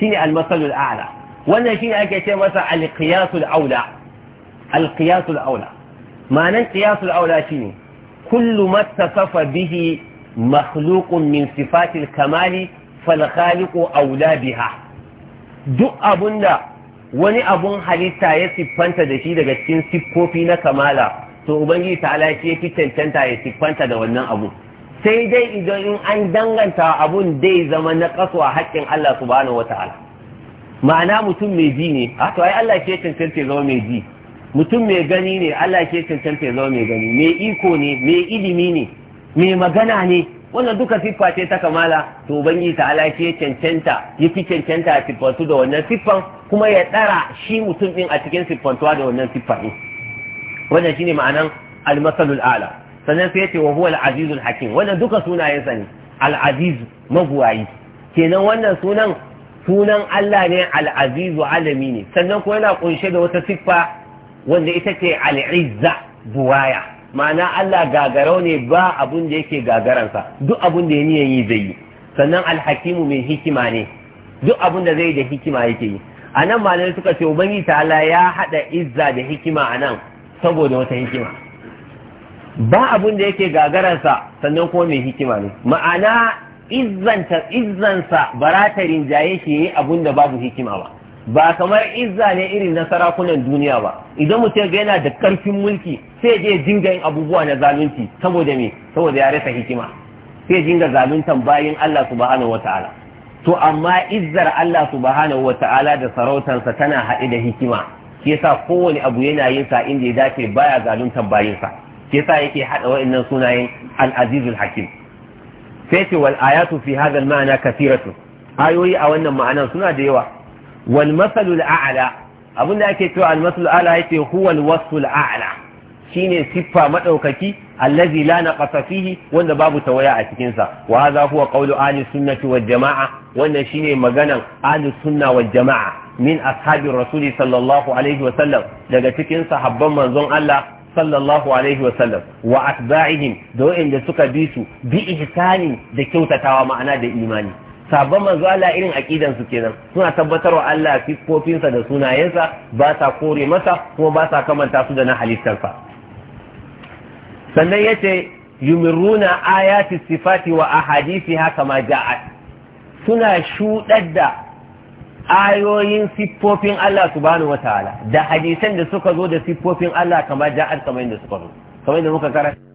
S2: shine almasalul a'la wannan shine ake ce masa alqiyasul aula alqiyasul aula ma'anan qiyasul aula shine kullu ma tasafa bihi مخلوق من sifatil kamali fal khaliqu بها biha duk abunda wani abun halitta ya siffanta da shi daga cikin siffofi na kamala to ubangiji ta'ala shi fi cancanta ya siffanta da wannan abu sai dai idan in an danganta abun dai zama na kaso a haƙƙin Allah subhanahu wata'ala ma'ana mutum mai ji ne a to ai Allah ke cancanta zama mai ji mutum mai gani ne Allah ke cancanta zama mai gani mai iko ne mai ilimi ne mai magana ne wannan duka siffa ce ta kamala to ubangiji ta alashi ya cancanta ya fi cancanta a siffantu da wannan siffan kuma ya tsara shi mutum din a cikin siffantuwa da wannan siffan din wannan shine ma'anan almasalul a'la sannan sai ce wa huwa al-azizul hakim wannan duka sunayen sa ne al-aziz kenan wannan sunan sunan Allah ne al-azizu alami ne sannan kuma yana kunshe da wata siffa wanda ita ce al-izza buwaya ma'ana Allah gagarau ne ba abun da yake gagaransa duk abun da ya niyan yi zai yi sannan alhakimu mai hikima ne duk abun da zai da hikima yake yi a nan malamai suka ce ubangi ta'ala ya hada izza da hikima a nan saboda wata hikima ba abun da yake gagaransa sannan kuma mai hikima ne ma'ana izzanta izzansa baratarin jaye shi yi abun da babu hikima ba ba kamar izza ne irin na sarakunan duniya ba idan mutum ga yana da karfin mulki sai je dinga yin abubuwa na zalunci saboda me saboda ya rasa hikima sai dinga zaluntan bayin Allah subhanahu wataala to amma izzar Allah subhanahu wataala da sarautansa tana haɗe da hikima shi yasa kowane abu yana yin sa inda ya dace baya zaluntan bayinsa shi yasa yake haɗa wa'annan sunayen al-azizul hakim sai ce wal ayatu fi hadha al-ma'na kathiratu ayoyi a wannan ma'anar suna da yawa wal masalul a'la abinda ake cewa almasul masalul a'la yake huwa al wasful a'la shine siffa madaukaki allazi la naqasa fihi wanda babu tawaya a cikinsa sa wa ƙaulu huwa qawlu ahli sunnati wal jamaa wannan shine maganan ahli sunna wal jamaa min ashabi rasuli sallallahu alaihi wa sallam daga cikin sahabban manzon Allah sallallahu alaihi wa sallam wa atba'ihim da suka bi su bi ihsani da kyautatawa ma'ana da imani sabon manzo Allah irin aqidan su kenan suna tabbatarwa Allah siffofinsa da sunayensa ba sa kore masa kuma ba sa kamanta su da na halittarsa sannan yace yumiruna ayati sifati wa haka ma ja'at suna shudar da ayoyin siffofin Allah subhanahu wataala da hadisan da suka zo da siffofin Allah
S3: kama ja'at kamar yadda suka zo kamar yadda muka karanta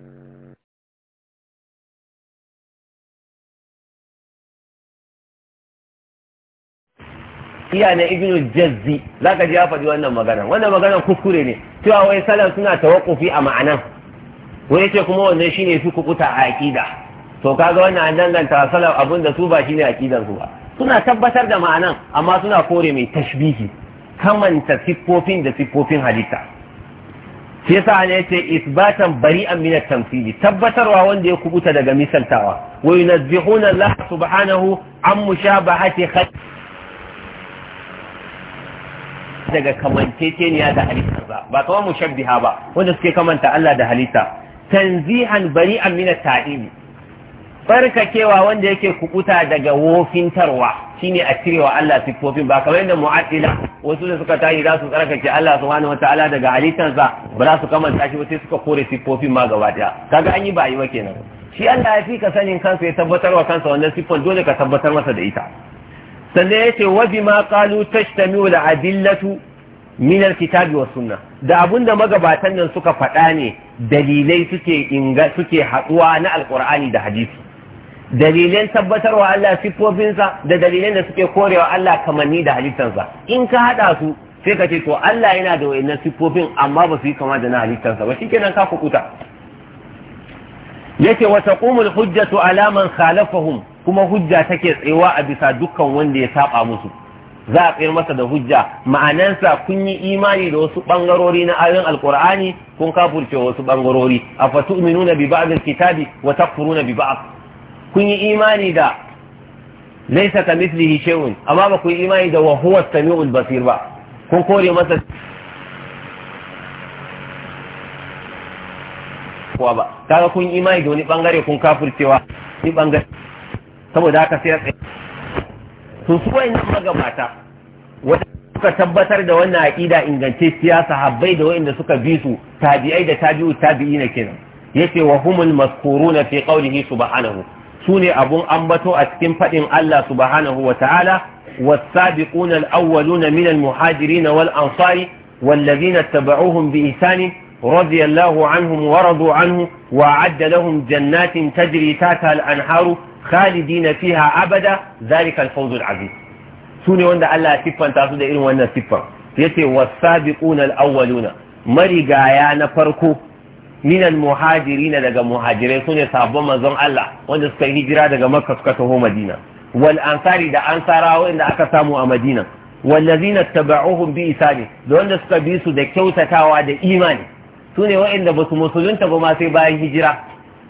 S3: iya na ibnu jazzi zaka ji ya faɗi wannan magana wannan magana kuskure ne cewa wai
S2: salaf suna tawakkufi a ma'anan wai yace kuma wannan shine fi kukuta a aqida to kaga wannan an danganta salaf da su ba shine aqidan su ba suna tabbatar da ma'anan amma suna kore mai tashbihi kamanta siffofin da siffofin halitta shi yasa ne yace isbatan bari'an min at-tamthili tabbatarwa wanda ya kubuta daga misaltawa wa yunazzihuna Allah subhanahu an mushabahati khalqi daga kamanteceniya da halitta ba kawai mushabbiha ba wanda suke kamanta Allah da halitta tanzihan bari'an min at-ta'imi kewa wanda yake kukuta daga wofintarwa shine a cirewa Allah sifofin ba kamar yadda mu'addila wasu da suka tashi za su tsarkake Allah wata ala daga halittansa ba za su kamanta shi ba sai suka kore sifofin ma gaba daya kaga an yi ba yi ba kenan shi Allah ya fi ka sanin kansa ya tabbatar wa kansa wannan siffan dole ka tabbatar masa da ita sannan ya ce wabi ma kalu tashtamiu da adillatu min alkitabi wa sunna da abunda magabatan nan suka faɗa ne dalilai suke inga suke haɗuwa na alqur'ani da hadisi dalilan tabbatarwa Allah sifofinsa da dalilan da suke korewa Allah kamanni da halittarsa in ka haɗa su sai ka ce to Allah yana da wayannan sifofin amma ba su yi kama da na halittarsa ba shikenan ka kukuta yace wa taqumul hujjatu ala man khalafahum kuma hujja take tsayuwa a bisa dukkan wanda ya saba musu za a tsayar masa da hujja ma'anansa kun yi imani da wasu bangarori na ayoyin alkur'ani kun kafurce wasu bangarori a fatu'minuna bi ba'd alkitabi wa takfuruna bi ba'd kun yi imani da laysa kamithlihi shay'un amma ba ku yi imani da wa huwa as-sami'ul basir ba kun kore masa kuwa ba kaga kun yi imani da wani bangare kun kafurcewa ni bangare saboda haka sai tsaye to su wayannan magabata wanda suka tabbatar da wannan aqida ingance siyasa habbai da wayanda suka bi su tabi'ai da tabi'u tabi'ina kenan ce wa humul mazkuruna fi qawlihi subhanahu sune abun ambato a cikin faɗin Allah subhanahu wa ta'ala والسابقون الأولون من المهاجرين والأنصار والذين اتبعوهم بإحسان رضي الله عنهم ورضوا عنه وأعد لهم جنات تجري تحتها الأنهار Khalidi fiha abada zalikal fawzul azim sune wanda Allah ya siffanta su da irin wannan siffar yace was-sabiquna al-awwaluna marigaya na farko Minan muhajirina daga muhajirai sune sabon manzon Allah wanda suka yi hijira daga Makka suka taho Madina wal ansari da ansarawa inda aka samu a Madina wallazina tabauhum bi isani da wanda suka bi su da kyautatawa da imani sune waɗanda basu musulunta ba ma sai bayan hijira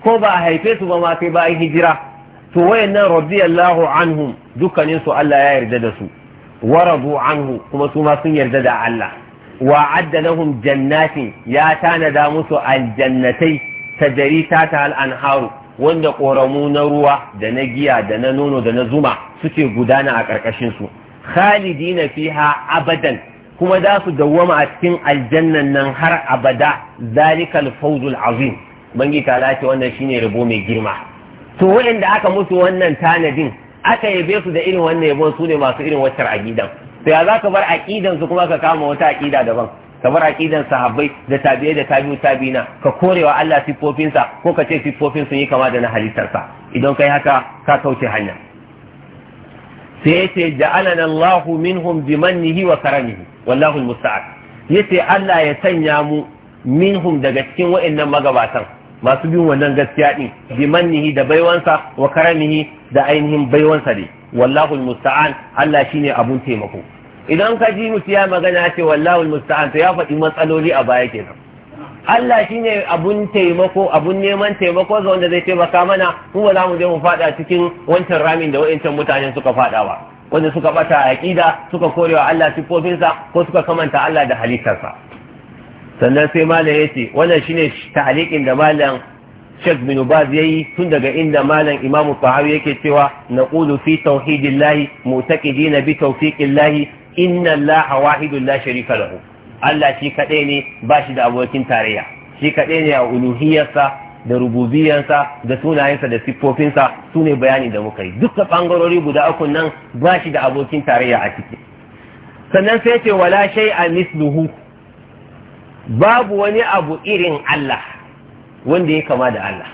S2: ko ba a haife su ba ma sai bayan hijira to wayannan radiyallahu anhum dukkanin su Allah ya yarda da su wa radu anhu kuma su ma sun yarda da Allah wa adda jannatin ya tanada musu aljannatai tajri ta ta al-anharu wanda koramu na ruwa da na giya da na nono da na zuma suke gudana a ƙarƙashin su khalidina fiha abadan kuma za su dawwama a cikin aljannan nan har abada zalikal fawzul azim bangi ta wannan shine rabo mai girma to waɗanda aka musu wannan tanadin aka yabe su da irin wannan yabon su ne masu irin waccar aqidan to ya za ka bar aqidan su kuma ka kama wata aqida daban ka bar aqidan sahabbai da tabi'ai da tabi'u tabi'ina ka korewa Allah siffofinsa ko ka ce siffofin sun yi kama da na halittarsa idan kai haka ka kauce hanya sai yace ja'alana Allah minhum bimannihi wa karamihi wallahu almusta'an yace Allah ya sanya mu minhum daga cikin wa'annan magabatan masu bin wannan gaskiya din bi mannihi da baiwansa wa karamihi da ainihin baiwansa ne wallahu musta'an Allah shine abun taimako idan ka ji mutu ya magana ce wallahu musta'an to ya faɗi matsaloli a baya kenan Allah shine abun taimako abun neman taimako ga wanda zai taimaka mana mu ba za mu je mu faɗa cikin wancan ramin da wa'incan mutane suka faɗa ba wanda suka bata aqida suka korewa Allah sifofinsa ko suka kamanta Allah da halittarsa sannan sai malam ya ce wannan ne ta'alikin da malam shek bin ya yi tun daga inda malam Imamu Tahawi yake cewa naqulu fi tauhidillahi dina bi lahi inna laha wahidun la sharifa lahu Allah shi kadai ne ba shi da abokin tarayya shi kadai ne a uluhiyarsa da rububiyarsa da sunayensa da siffofinsa su ne bayani da muka yi duka bangarori guda uku nan ba shi da abokin tarayya a ciki sannan sai ce wala a misluhu babu wani abu irin Allah wanda ya kama da Allah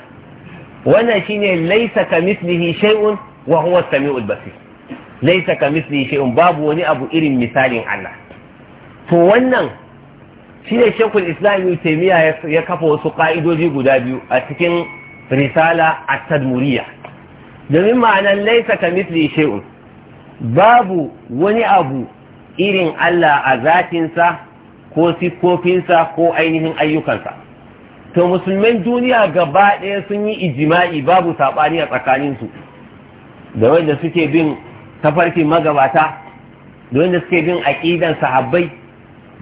S2: wannan shine laisa mislihi shay'un wa huwa as-sami'ul basir laisa mislihi shay'un babu wani abu irin misalin Allah to wannan shine shekul Islam Ibn Taymiyyah ya kafa wasu ka'idoji guda biyu a cikin risala at-tadmuriyya domin ma'anan laisa mislihi shay'un babu wani abu irin Allah a zatinsa ko siffofinsa ko ainihin ayyukansa to musulman duniya gaba ɗaya sun yi ijima'i babu saɓani a tsakaninsu da wanda suke bin tafarki magabata da wanda suke bin aƙidan sahabbai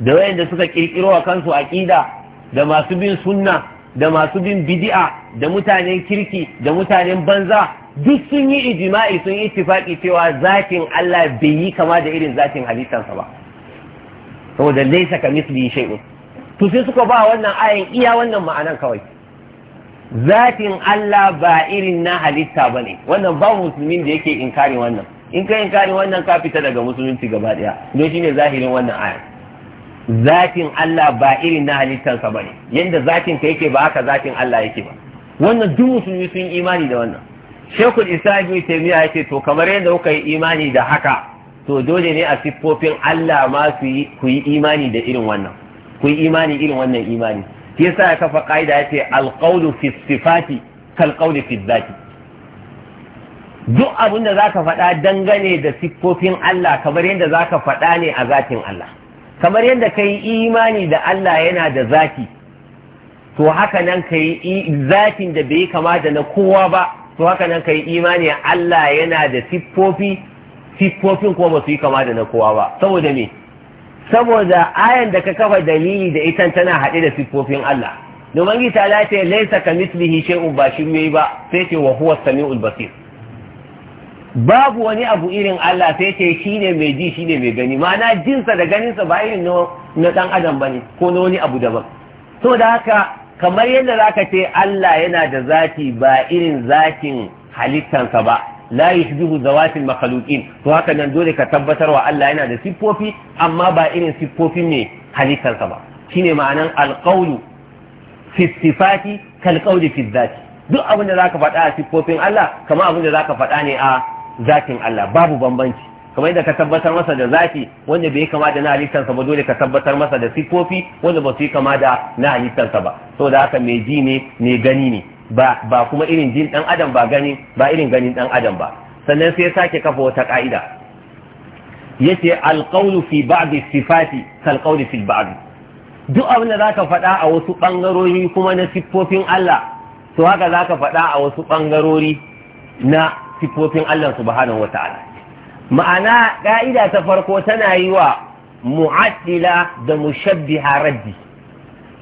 S2: da wanda suka ƙirƙiro a kansu aƙida da masu bin sunna da masu bin bidi'a da mutanen kirki da mutanen banza duk sun yi ijima'i sun yi ittifaki cewa zakin Allah bai yi kama da irin zakin halittarsa ba saboda laisa ka misli shaidu. to sai suka ba wannan ayan iya wannan ma'anan kawai zatin Allah ba irin na halitta bane wannan babu musulmin da yake inkari wannan in ka inkari wannan ka fita daga musulunci gaba daya don shine zahirin wannan ayan zatin Allah ba irin na halittarsa bane yanda zatin ka yake ba haka zatin Allah yake ba wannan duk musulmi sun imani da wannan shekul isa ibn taymiya yake to kamar yadda kuka yi imani da haka to dole ne a siffofin Allah ma ku yi imani da irin wannan ku yi imani irin wannan imani ke sa ya kafa ka'ida yace alqawlu fi sifati kal qawli fi dhati duk abin da zaka faɗa dangane da siffofin Allah kamar yadda zaka faɗa ne a zatin Allah kamar yadda kai imani da Allah yana da zati to haka nan kai zatin da bai kama da na kowa ba to haka nan kai imani Allah yana da siffofi siffofin kuma ba su yi kama da na kowa ba saboda me saboda ayan da ka kafa dalili da itan tana haɗe da siffofin Allah domin gita la ce laisa ka mislihi shay'un ba shi mai ba sai ce wa huwa samiul basir babu wani abu irin Allah sai ce shi ne mai ji shi ne mai gani ma'ana jinsa da ganinsa ba irin na dan adam bane ko na wani abu daban saboda haka kamar yadda zaka ce Allah yana da zati ba irin zatin halittansa ba la yushbihu zawafin makhluqin to haka nan dole ka tabbatar wa Allah yana da siffofi amma ba irin siffofin ne halittarsa ba shine ma'anan alqawlu fi sifati kal qawli fi dhati duk abin da zaka faɗa a siffofin Allah kamar abin da zaka faɗa ne a zatin Allah babu bambanci kamar yadda ka tabbatar masa da zati wanda bai kama da na halittarsa ba dole ka tabbatar masa da siffofi wanda ba su yi kama da na halittarsa ba saboda haka mai ji ne mai gani ne ba kuma irin jin dan adam ba gani ba irin ganin dan adam ba sannan sai ya sake kafa wata ka'ida yace alqawlu fi ba'd sifati kal qawli fi ba'd duk abin da zaka faɗa a wasu bangarori kuma na sifofin Allah to haka zaka faɗa a wasu bangarori na siffofin Allah subhanahu wata'ala ma'ana ka'ida ta farko tana yi wa mu'attila da mushabbiha raddi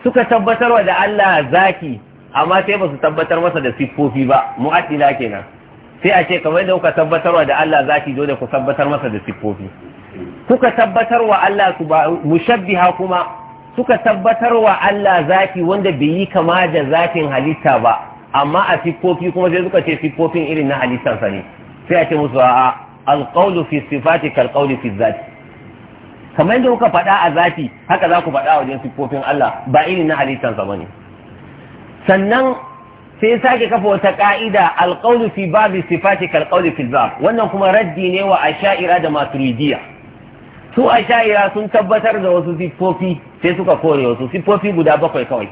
S2: suka tabbatarwa da Allah zaki amma sai ba su tabbatar masa da siffofi ba mu'addila kenan sai a ce kamar da kuka tabbatarwa da Allah zaki dole ku tabbatar masa da siffofi kuka tabbatarwa Allah ku ba mushabbiha kuma suka tabbatarwa Allah zaki wanda bai yi kama da zatin halitta ba amma a siffofi kuma sai suka ce siffofin irin na halittarsa ne sai a ce musu a'a alqawlu fi sifati kalqawli fi zati kamar da kuka faɗa a zati haka za ku faɗa wajen siffofin Allah ba irin na halittarsa bane ne sannan sai sake kafa wata ka'ida alqawlu fi babi sifati kal qawli fil wannan kuma raddi ne wa asha'ira da masu maturidiya su asha'ira sun tabbatar da wasu siffofi sai suka kore wasu siffofi guda bakwai kawai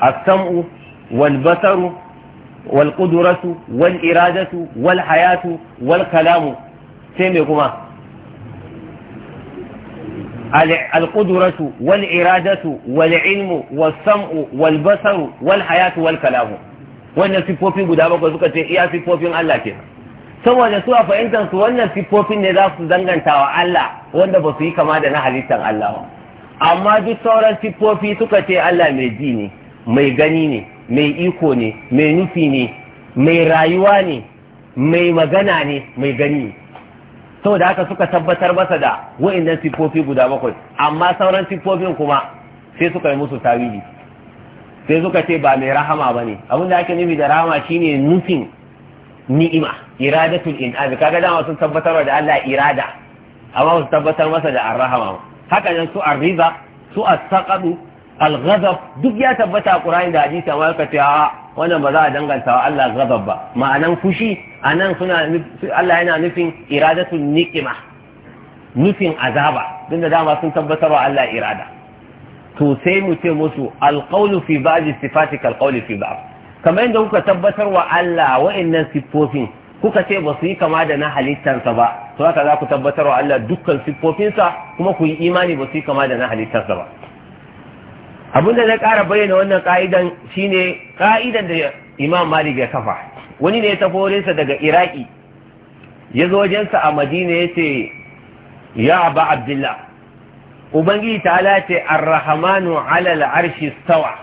S2: asam'u samu wal basaru wal kudurasu, wal iradatu wal hayatu wal kalamu sai mai kuma القدرة والإرادة والعلم والسمع والبصر والحياة والكلام wannan siffofin guda bakwai suka ce iya siffofin Allah ke saboda su a fahimtar su wannan siffofin ne za su danganta wa Allah wanda ba su yi kama da na halittar Allah ba amma duk sauran siffofi suka ce Allah mai ji ne mai gani ne mai iko ne mai nufi ne mai rayuwa ne mai magana ne mai gani ne saboda haka suka tabbatar masa da wa'annan siffofi guda bakwai amma sauran siffofin kuma sai suka yi musu tawili sai suka ce ba mai rahama ba ne abin da ake nufi da rahama shine nufin ni'ima iradatul in'ami kaga dama sun tabbatar da Allah irada amma su tabbatar masa da arrahama haka nan su arriba su as-saqadu al-ghadab duk ya tabbata Qur'ani da hadisi amma ka ce a wannan ba za a danganta wa Allah ghadab ba ma'anan fushi anan suna Allah yana nufin iradatu niqima nufin azaba din da dama sun tabbatar wa Allah irada to sai mu ce musu al-qawlu fi ba'd sifati kal-qawli fi ba'd kamar yadda kuka tabbatar wa Allah wa'annan siffofin kuka ce ba su yi kama da na halittarsa ba to haka za ku tabbatar wa Allah dukkan siffofinsa kuma ku yi imani ba su yi kama da na halittarsa ba abin da na ƙara bayyana wannan ka'idan shine ƙa'idan da imam malik ya kafa wani ne ya tafi wurinsa daga iraki ya zo wajensa a madina ya ce ya ba abdullah ubangiji Ala ce arrahamanu Alal Arshi stawa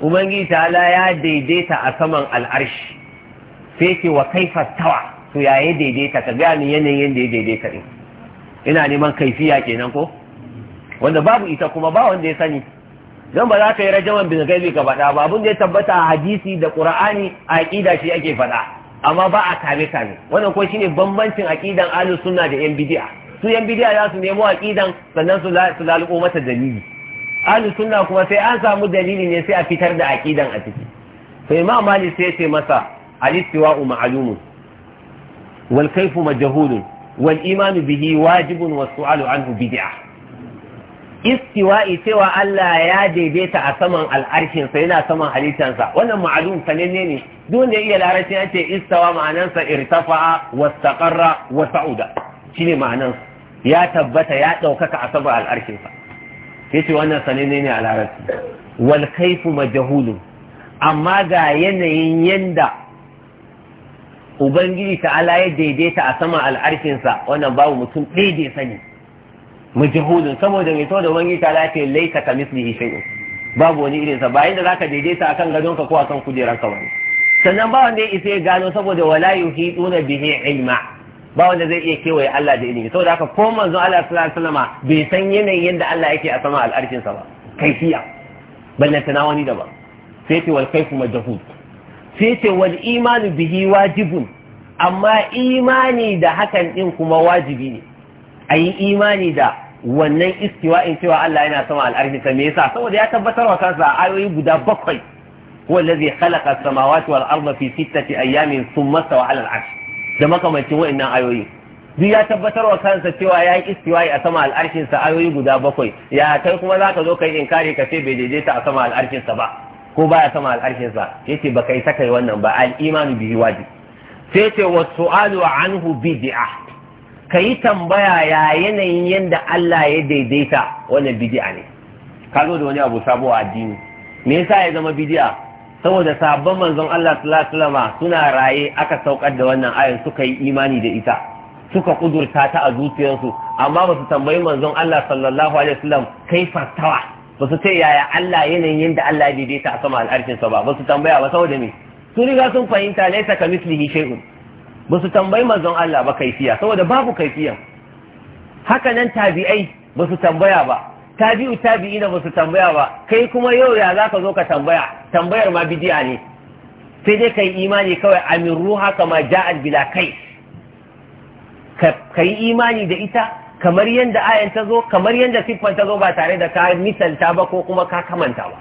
S2: ubangiji Ala ya daidaita a saman al'arshi sai ce wa kaifa stawa to ya yi daidaita ka gani yanayin da ya daidaita din ina neman kaifiya kenan ko wanda babu ita kuma ba wanda ya sani don ba za ka yi rajaman bin gaibi ka faɗa ba abin da ya tabbata a hadisi da ƙura'ani a aƙida shi ake faɗa amma ba a kame kame wannan ko shine bambancin aƙidan alu sunna da yan bidiya su yan bidiya za su nemo aƙidan sannan su lalubo mata dalili alu sunna kuma sai an samu dalili ne sai a fitar da aƙidan a ciki to imam malik sai ce masa al-istiwa'u ma'lumun wal kaifu majhulun wal imanu bihi wajibun wasu su'alu anhu bid'ah istiwa'i cewa Allah ya daidaita a saman al'arshinsa yana saman halittansa wannan ma'alum sananne ne Don da iya larabci ya ce istawa ma'anansa irtafa'a wastaqarra wa sa'uda shine ma'anansa ya tabbata ya ɗaukaka a saman al'arshinsa yace wannan sananne ne a larabci wal kaifu majhulun amma ga yanayin yanda ubangiji ta ta'ala ya daidaita a saman al'arshinsa wannan babu mutum ɗaya da sani majhulun saboda mai to da wani ta lafi laita ka mislihi shay'un babu wani irin sa bayan da zaka daidaita akan gadon ka ko akan kujeran ka wani sannan ba wanda ya isa ya gano saboda wala yuhiduna bihi ilma ba wanda zai iya kewaye Allah da ilimi saboda haka ko manzon Allah sallallahu alaihi wasallama bai san yanayin yadda Allah yake a sama al'arshin sa ba kaifiya tana wani da ba sai ce wal kaifu majhul sai ce wal imanu bihi wajibun amma imani da hakan din kuma wajibi ne a yi imani da wannan istiwa'in cewa Allah yana sama al'arshi ta me yasa saboda ya tabbatar wa kansa ayoyi guda bakwai huwa allazi khalaqa samawati wal arda fi sittati ayyamin sun masa 'ala al da makamancin wa'annan ayoyi duk ya tabbatar wa kansa cewa ya yi istiwa'i a sama al'arshin sa ayoyi guda bakwai ya kai kuma zaka zo kai inkari ka ce bai daidaita a sama al'arshin sa ba ko baya sama al'arshin sa ce ba kai ta kai wannan ba al-imanu bihi wajib sai ce wa su'alu anhu bid'ah ka yi tambaya ya yanayin yadda Allah ya daidaita wannan bidi'a ne ka zo da wani abu sabo a addini me yasa ya zama bidi'a saboda sabon manzon Allah sallallahu suna raye aka saukar da wannan ayan suka yi imani da ita suka kudurta ta a zuciyarsu amma ba su tambayi manzon Allah sallallahu alaihi wasallam kai fastawa ba su ce yaya Allah yanayin yadda Allah ya daidaita a sama al'arshin sa ba ba su tambaya ba saboda me Sun riga sun fahimta laisa ka mislihi shay'un ba su tambayi manzon Allah ba kaifiya saboda babu kaifiyan haka nan tabi'ai ba su tambaya ba tabi'u tabi'ina ba su tambaya ba kai kuma yau ya za ka zo ka tambaya tambayar ma bidiya ne sai dai kai imani kawai amin ruha kama ja'al bila kai ka yi imani da ita kamar yadda ayan ta zo kamar yadda siffan ta zo ba tare da ka misalta ba ko kuma ka kamanta ba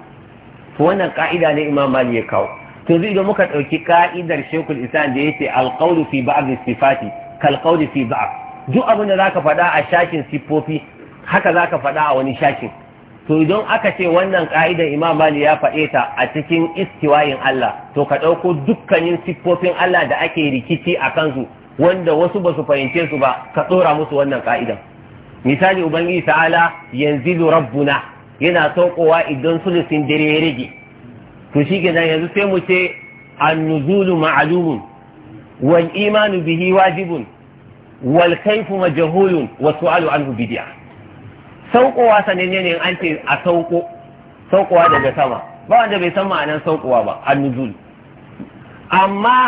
S2: wannan ka'ida ne imam mali ya kawo to zai muka ɗauki ka'idar shekul isan da yake alqawlu fi ba'd sifati kal fi ba'd duk abin da zaka faɗa a shakin sifofi haka zaka faɗa a wani shakin to idan aka ce wannan ka'idar imam mali ya faɗe ta a cikin istiwayin Allah to ka ɗauko dukkanin siffofin Allah da ake rikici a kansu wanda wasu ba su fahimce su ba ka tsora musu wannan ka'idar misali ubangiji ta'ala yanzu rabbuna yana saukowa idan sulusin dare ya rage to shi ke nan yanzu sai mu ce annuzulu ma'alumun wal imanu bihi wajibun wal kaifu majhulun wa su'alu anhu bidia saukowa sanenne ne an ce a sauko saukowa daga sama ba wanda bai san ma'anar saukowa ba annuzul amma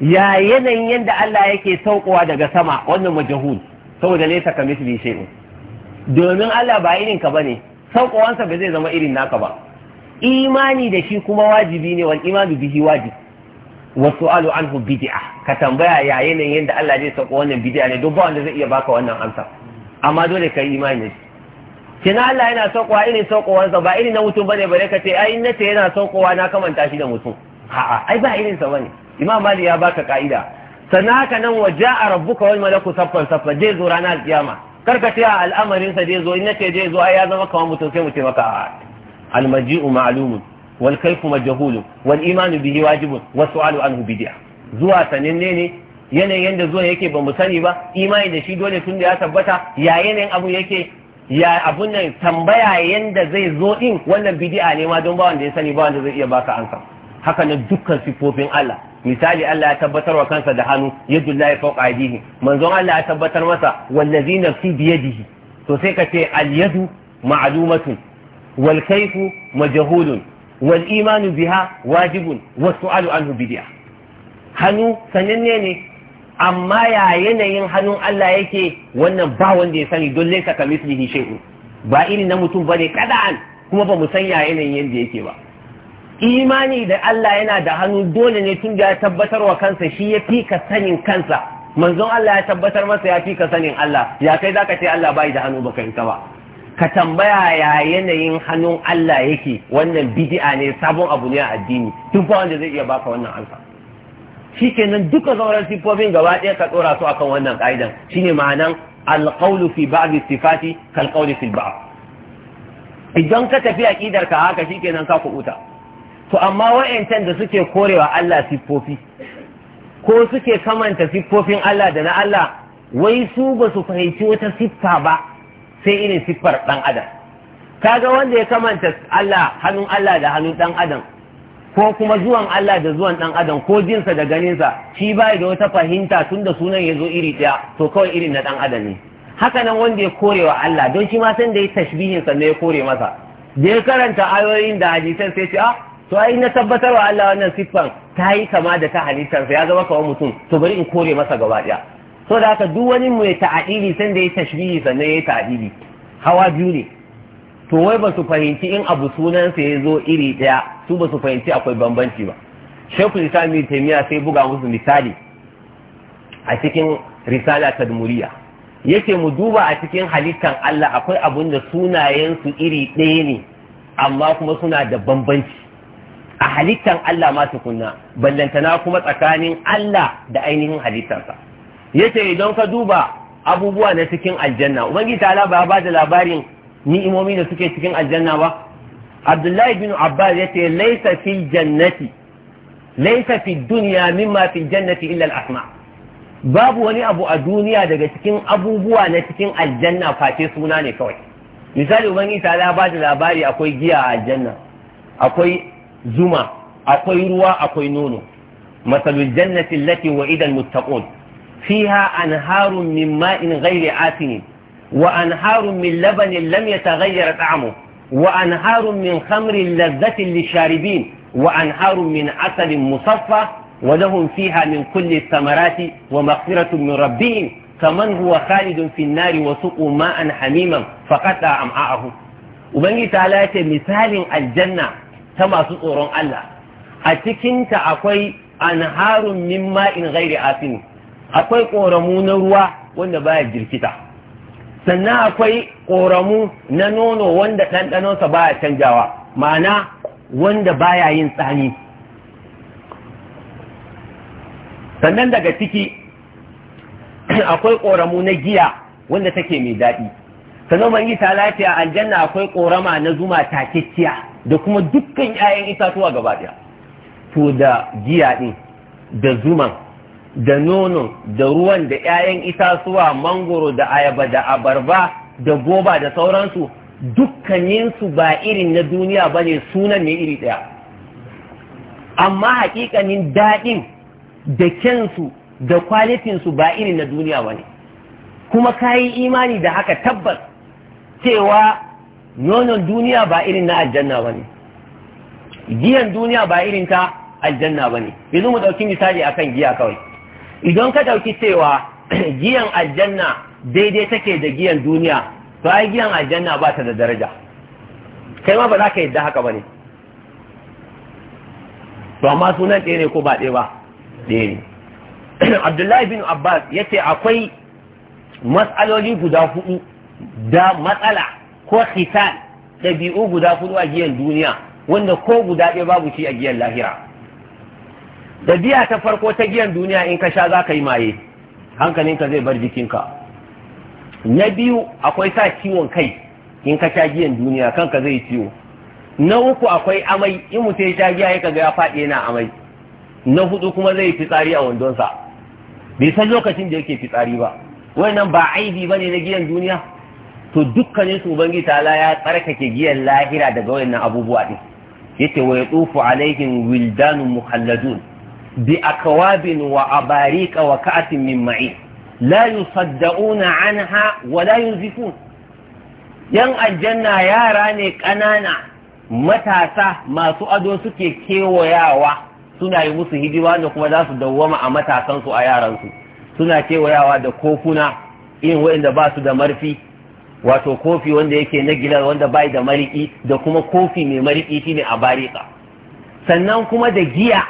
S2: ya yanayin yadda Allah yake saukowa daga sama wannan majahul saboda laysa ka shay'un domin Allah ba irin ka bane saukowansa ba zai zama irin naka ba imani da shi kuma wajibi ne wal imanu bihi wajib wa su'alu anhu bid'ah ka tambaya ya yanayin yadda Allah zai sako wannan bid'a ne duk ba wanda zai iya baka wannan amsa amma dole kai imani ne kina Allah yana sokowa irin sa ba irin na mutum bane bare ka ce ai na ce yana saukowa na kamanta shi da mutum a'a ai ba irin sa bane Imam Mali ya baka ka'ida sana haka nan wa ja'a rabbuka wal malaku saffan saffa zai zo ranar kiyama kar ka ce al'amarin sa zai zo in na ce zai zo ai ya zama kamar mutum sai mu ce maka a'a almaji'u ma'lumun wal kayfu majhulun wani imanu bihi wajibun wasu su'alu anhu zuwa sananne ne yanayin yanda zuwa yake ba mu sani ba imani da shi dole tun da ya tabbata ya yanayin abu yake ya abun nan tambaya yanda zai zo din wannan bid'a ne ma don ba wanda ya sani ba wanda zai iya baka ansa haka nan dukkan sifofin Allah misali Allah ya tabbatar wa kansa da hannu yadullahi fawqa ajihi, manzon Allah ya tabbatar masa wallazi fi biyadihi to sai ka ce al yadu ma'lumatun wal kayfu majhulun wal imanu biha wajibun wa su'alu anhu bid'a hannu sananne ne amma ya yanayin hannun Allah yake wannan ba wanda ya sani don laysa kamislihi shay'un ba iri na mutum bane kada'an kuma ba mu san ya yanayin yanda yake ba imani da Allah yana da hannu dole ne tun da ya tabbatar wa kansa shi ya fi ka sanin kansa manzon Allah ya tabbatar masa ya fi ka sanin Allah ya kai zaka ce Allah bai da hannu baka yi ba ka tambaya ya yanayin hannun Allah yake wannan bid'a ne sabon abu ne a addini duk ba wanda zai iya baka wannan amsa shikenan duka sauran sifofin gaba ɗaya ka tsora su akan wannan ka'idan shine ma'anan alqawlu fi sifati kal qawli fi ba'd idan ka tafi aqidar ka haka shikenan ka kubuta to amma wa'ancan da suke korewa Allah sifofi ko suke kamanta siffofin Allah da na Allah wai su ba su fahimci wata siffa ba sai irin siffar ɗan adam kaga wanda ya kamanta Allah hannun Allah da hannun ɗan adam ko kuma zuwan Allah da zuwan ɗan adam ko jinsa da ganinsa shi ba da wata fahimta tun da sunan ya zo iri ɗaya to kawai irin na ɗan adam ne haka nan wanda ya kore wa Allah don shi ma san da ya tashbihin sa ya kore masa da ya karanta ayoyin da hadisan sai ce ah to ai na tabbatar wa Allah wannan siffan ta yi kama da ta halittarsa ya zama kawai mutum to bari in kore masa gaba ɗaya so da haka duk wani mai ta'adili san da ya tashbihi sannan ya ta'adili hawa biyu ne to wai ba su fahimci in abu sunansa ya zo iri ɗaya su ba su fahimci akwai bambanci ba shekul islam ibn sai buga musu misali a cikin risala ta muriya yake mu duba a cikin halittan Allah akwai abun da sunayensu iri ɗaya ne amma kuma suna da bambanci a halittan Allah ma tukunna ballantana kuma tsakanin Allah da ainihin halittarsa. yace idan ka duba abubuwa na cikin aljanna ubangiji ta ba ba da labarin ni'imomi da suke cikin aljanna ba abdullahi bin abbas yace laysa fil jannati laysa fid dunya mimma fil jannati illa al asma babu wani abu a duniya daga cikin abubuwa na cikin aljanna face suna ne kawai misali ubangiji ta ba da labari akwai giya a aljanna akwai zuma akwai ruwa akwai nono masalul jannati allati wa'ida al muttaqun فيها أنهار من ماء غير عاتن وأنهار من لبن لم يتغير طعمه وأنهار من خمر لذة للشاربين وأنهار من عسل مصفى ولهم فيها من كل الثمرات ومغفرة من ربهم كمن هو خالد في النار وسقوا ماء حميما فقطع أمعاءه وبنجي تعالى مثال الجنة كما سطور الله أتكنت أقوي أنهار من ماء غير آثم akwai ƙoramu na ruwa wanda baya jirkita sannan akwai ƙoramu na nono wanda ɗanɗanonsa baya canjawa ma'ana wanda baya yin tsani sannan daga ciki akwai ƙoramu na giya wanda take mai daɗi sannan yi ta lafiya aljanna akwai ƙorama na zuma takekkiya da kuma dukkan 'ya'yan itatuwa gaba ɗaya to da giya ɗin da zuma. da nono da ruwan da 'ya'yan itatuwa mangoro da ayaba da abarba da goba da sauransu dukkaninsu ba irin na duniya ba ne sunan ne iri ɗaya amma hakikanin daɗin da kyansu da kwalifinsu ba irin na duniya ba ne kuma ka yi imani da haka tabbas cewa nonon duniya ba irin na aljanna ba ne giyan duniya ba irin ta aljanna ba ne yanzu mu ɗauki misali akan giya kawai idan ka ɗauki cewa giyan aljanna daidai take da giyan duniya to ai giyan aljanna ba ta da daraja kai ma ba za ka yadda haka ba ne to amma sunan ɗaya ne ko ba ɗaya ba ɗaya ne abdullahi bin abbas ya ce akwai matsaloli guda hudu da matsala ko hisal ɗabi'u guda hudu a giyan duniya wanda ko guda ɗaya babu shi a giyan lahira da biya ta farko ta giyan duniya in ka sha za ka yi maye hankalinka zai bar jikinka na biyu akwai sa ciwon kai in ka sha giyan duniya kanka zai ciwo na uku akwai amai in mu ya sha giya ya ga ya faɗi yana amai na hudu kuma zai fitsari a wandonsa bai san lokacin da yake fitsari ba wannan ba aibi ba ne na giyan duniya to dukkanin su ubangi ta'ala ya tsarkake giyan lahira daga wayannan abubuwa ɗin yake wa tsufu alaihin wildanun muhalladun بأكواب وأباريك وكأس من معين لا يصدعون عنها ولا ينزفون ين الجنة يا رانك matasa masu ado suke kewayawa suna yi musu hidima da kuma za su dawwama a matasansu a yaransu suna kewayawa da kofuna in waɗanda ba su da marfi wato kofi wanda yake na gilar wanda bai da mariki da kuma kofi mai mariki shine a barika sannan kuma da giya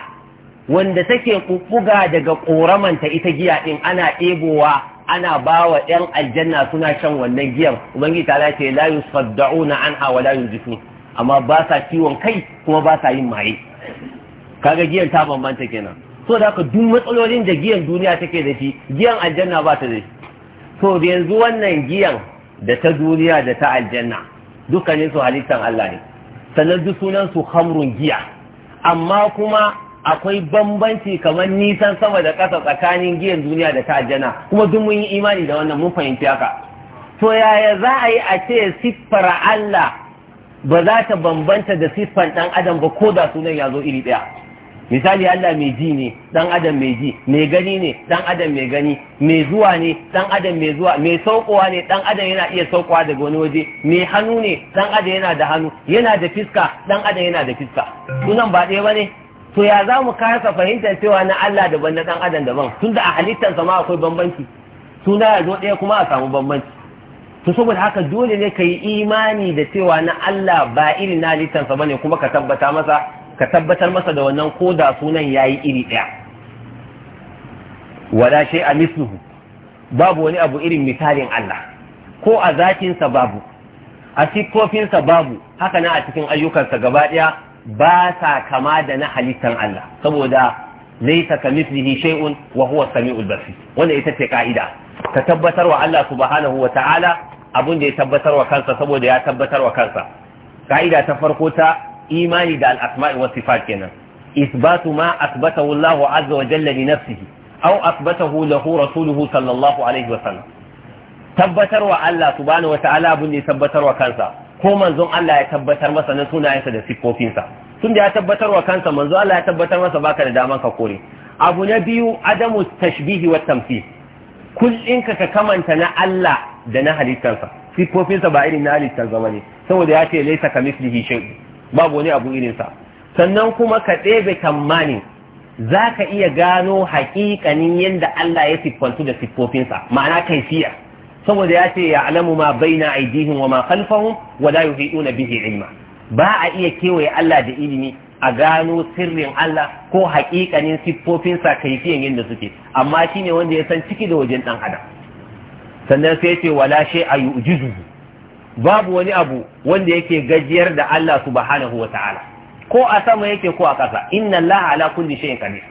S2: wanda take kukkuga daga ƙoramanta ita giya din ana ɗebowa ana ba wa ɗan aljanna suna shan wannan giyar ubangiji ta ce la yusaddauna anha wa la amma ba sa ciwon kai kuma ba sa yin maye kaga giyan ta bambanta kenan so da haka duk matsalolin da giyan duniya take da shi giyan aljanna ba ta da shi So da yanzu wannan giyan da ta duniya da ta aljanna dukkanin su halittan Allah ne sannan duk sunan su hamrun giya amma kuma akwai bambanci kamar nisan sama da ƙasa tsakanin giyan duniya da ta jana kuma duk mun yi imani da wannan mun fahimci haka to yaya za a yi a ce siffar Allah ba za ta bambanta da siffar ɗan adam ba ko da sunan ya zo iri ɗaya misali Allah mai ji ne ɗan adam mai ji mai gani ne ɗan adam mai gani mai zuwa ne ɗan adam mai zuwa mai saukowa ne ɗan adam yana iya saukowa daga wani waje mai hannu ne ɗan adam yana da hannu yana da fiska ɗan adam yana da fiska sunan ba ɗaya ba ne to ya za mu kasa fahimtar cewa na Allah daban na dan adam daban tunda a halittarsa ma akwai bambanci suna ya zo ɗaya kuma a samu bambanci to saboda haka dole ne ka yi imani da cewa na Allah ba irin na halittarsa ne kuma ka tabbata masa ka tabbatar masa da wannan ko da sunan ya yi iri ɗaya wala shay a misluhu babu wani abu irin misalin Allah ko a zakinsa babu a siffofinsa babu haka na a cikin ayyukansa gaba ɗaya ba sa kama da na halittan Allah saboda laisa mislihi shay'un wa huwa samiul basir wanda ita ce ka'ida ka tabbatar wa Allah subhanahu wa ta'ala abin da ya tabbatar wa kansa saboda ya tabbatar wa kansa ka'ida ta farko ta imani da al-asma'i was sifat kenan isbatu ma asbatahu Allah azza wa jalla li nafsihi aw asbatahu lahu rasuluhu sallallahu alaihi wa sallam tabbatar wa Allah subhanahu wa ta'ala abin da ya tabbatar wa kansa ko manzon Allah ya tabbatar masa na sunayensa da siffofinsa tun da ya tabbatar wa kansa manzon Allah ya tabbatar masa baka da daman ka kore abu na biyu adamu tashbihi wa tamthil kullin ka kamanta na Allah da na halittarsa siffofinsa ba irin na halittar zama ne saboda ya ce laisa ka mislihi babu wani abu irinsa sannan kuma ka ɗebe tamani za ka iya gano haƙiƙanin yadda Allah ya siffantu da siffofinsa ma'ana siyar. saboda ya ce ya alamu ma baina aidihin wa ma khalfahum wa la bihi ilma ba a iya kewaye Allah da ilimi a gano sirrin Allah ko haƙiƙanin siffofinsa sakaifiyan yadda suke amma shine wanda ya san ciki da wajen ɗan adam sannan sai ce wala shay a yu'jizu babu wani abu wanda yake gajiyar da Allah subhanahu wa ta'ala ko a sama yake ko a ƙasa inna Allah ala kulli shay'in qadir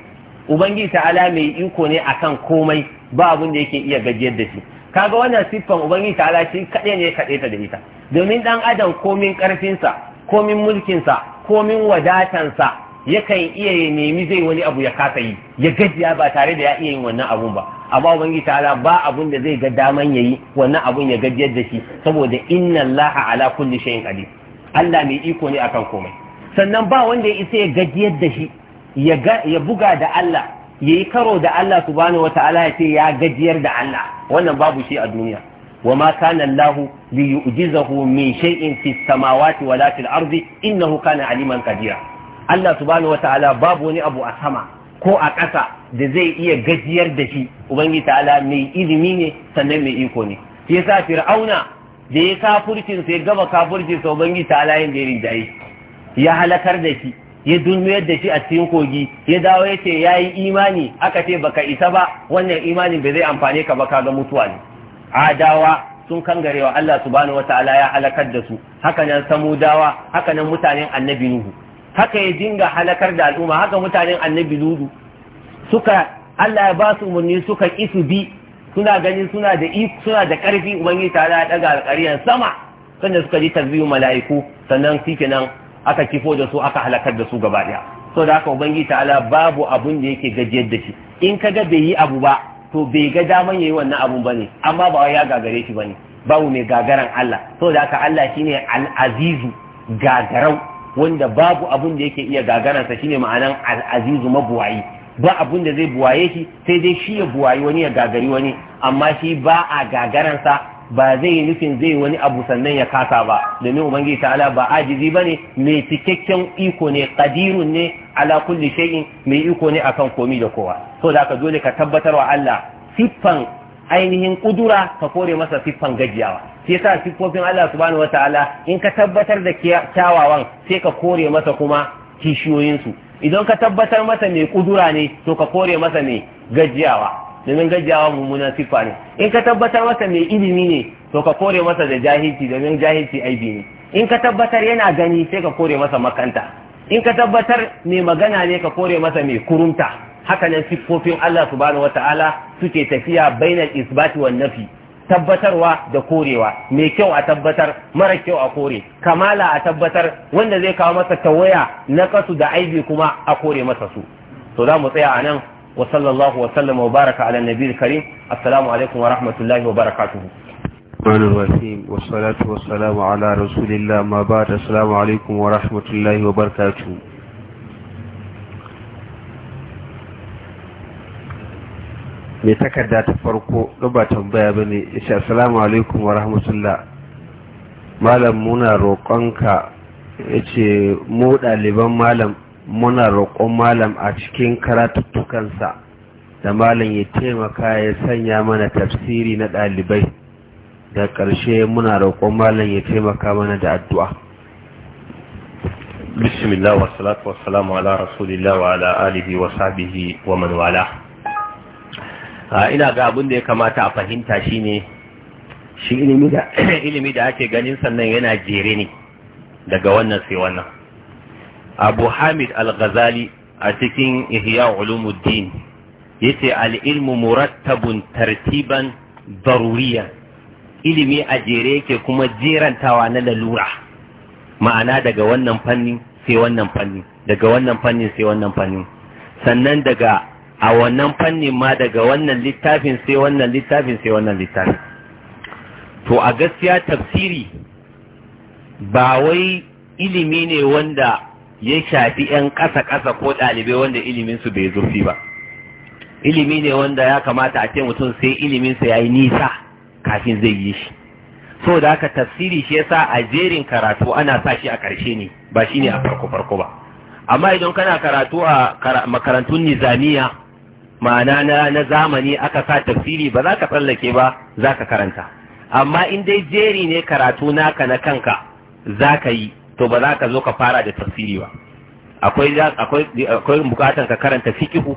S2: ubangiji ta'ala mai iko ne akan komai ba abin da yake iya gajiyar da shi kaga wannan siffan ubangiji ta shi kaɗai ne kaɗai ta da ita domin dan adam komin ƙarfinsa komin mulkinsa komin wadatansa yakan iya ya nemi zai wani abu ya kasa yi ya gajiya ba tare da ya iya yin wannan abun ba amma ubangiji ala ba abun da zai ga daman yayi wannan abun ya gajiyar da shi saboda inna allaha ala kulli shay'in qadir Allah mai iko ne akan komai sannan ba wanda ya isa ya gajiyar da shi ya buga da Allah yayi karo da Allah subhanahu wataala ya ce ya gajiyar da Allah wannan babu shi a duniya وما كان الله ليعجزه wala شيء في السماوات ولا في الأرض إنه كان عليما قديرا الله سبحانه babu wani abu a sama ko a ƙasa da zai iya gajiyar da shi ubangi ta'ala mai ilimi ne sannan mai iko ne Ya sa fir'auna da ya kafurcin sai gaba kafurcin sa ubangi ta'ala yin da ya halakar da shi ya dulmiyar da shi a cikin kogi ya dawo ya ce ya yi imani aka ce baka isa ba wannan imanin bai zai amfane ka ba ka ga mutuwa ne adawa sun kangarewa Allah subhanahu ala ya halakar da su haka nan samudawa haka nan mutanen annabi nuhu haka ya dinga halakar da al'umma haka mutanen annabi nuhu suka Allah ya ba su munni suka isu bi suna ganin suna da suna da karfi ubangiji ta ya daga alƙariyar sama sannan suka ji tasbihu mala'iku sannan shikenan aka kifo da su aka halakar da su gaba daya so da haka ubangiji ta'ala babu abun da yake gajiyar da shi in kaga bai yi abu ba to bai ga daman yayi wannan abun bane amma ba ya gagare shi bane babu mai gagaran Allah so da haka Allah shine al-azizu gagarau wanda babu abun da yake iya gagaransa shine ma'anan al-azizu mabuwayi ba abun da zai buwaye shi sai dai shi ya buwayi wani ya gagari wani amma shi ba a gagaransa ba zai yi nufin zai wani abu sannan ya kasa ba domin ubangiji ta'ala ba ajizi bane mai cikakken iko ne kadirun ne ala kulli shay'in mai iko ne akan komi da kowa so da ka dole ka tabbatar wa Allah siffan ainihin kudura ka kore masa siffan gajiyawa shi yasa siffofin Allah subhanahu wataala in ka tabbatar da kyawawan sai ka kore masa kuma kishiyoyinsu idan ka tabbatar masa mai kudura ne to ka kore masa mai gajiyawa domin gajiyawa mummuna siffa ne in ka tabbatar masa mai ilimi ne to ka kore masa da jahilci domin jahilci aibi ne in ka tabbatar yana gani sai ka kore masa makanta in ka tabbatar mai magana ne ka kore masa mai kurumta haka nan siffofin Allah subhanahu wata'ala suke tafiya bainal isbati wan nafi tabbatarwa da korewa mai kyau a tabbatar mara kyau a kore kamala a tabbatar wanda zai kawo masa tawaya na kasu da aibi kuma a kore masa su to za mu tsaya a nan وصلى الله وسلم وبارك على النبي الكريم السلام عليكم ورحمة الله وبركاته
S1: الرحمن الرحيم والصلاة والسلام على رسول الله ما بعد السلام عليكم ورحمة الله وبركاته mai takarda ta farko ba tambaya ba ne ya ce assalamu alaikum wa rahmatullah malam muna roƙonka ya ce mu ɗaliban malam muna roƙon malam a cikin karatuttukansa da malam ya taimaka ya sanya mana tafsiri na ɗalibai da ƙarshe muna roƙon malam ya taimaka mana da addu'a bismillah wa salatu wa salamu ala rasulillah wa ala alihi wa sahbihi wa man wala
S2: ina ga abin da ya kamata a fahimta shine shi ilimi da ake ganin sannan yana jere ne daga wannan sai wannan abu hamid al-ghazali a cikin ihya ulumuddin yace al-ilmu murattabun tartiban daruriya ilimi a jere yake kuma jerantawa na lalura ma'ana daga wannan fanni sai wannan fanni daga wannan fanni sai wannan fanni sannan daga a wannan fannin ma daga wannan littafin sai wannan littafin sai wannan littafin to a gaskiya tafsiri ba wai ilimi ne wanda ya shafi 'yan ƙasa-ƙasa ko ɗalibai wanda iliminsu bai zurfi ba ilimi ne wanda ya kamata a ce mutum sai iliminsa ya yi nisa kafin zai yi shi so da haka tafsiri shi yasa a jerin karatu ana sa shi a ƙarshe ne ba shi ne a farko-farko ba amma idan kana karatu a makarantun nizamiya ma'ana na zamani aka sa tafsiri ba za ka tsallake ba za ka karanta amma in dai jeri ne karatu naka na kanka za ka yi to ba za ka zo ka fara da tafsiri ba akwai akwai bukatan ka karanta fiqhu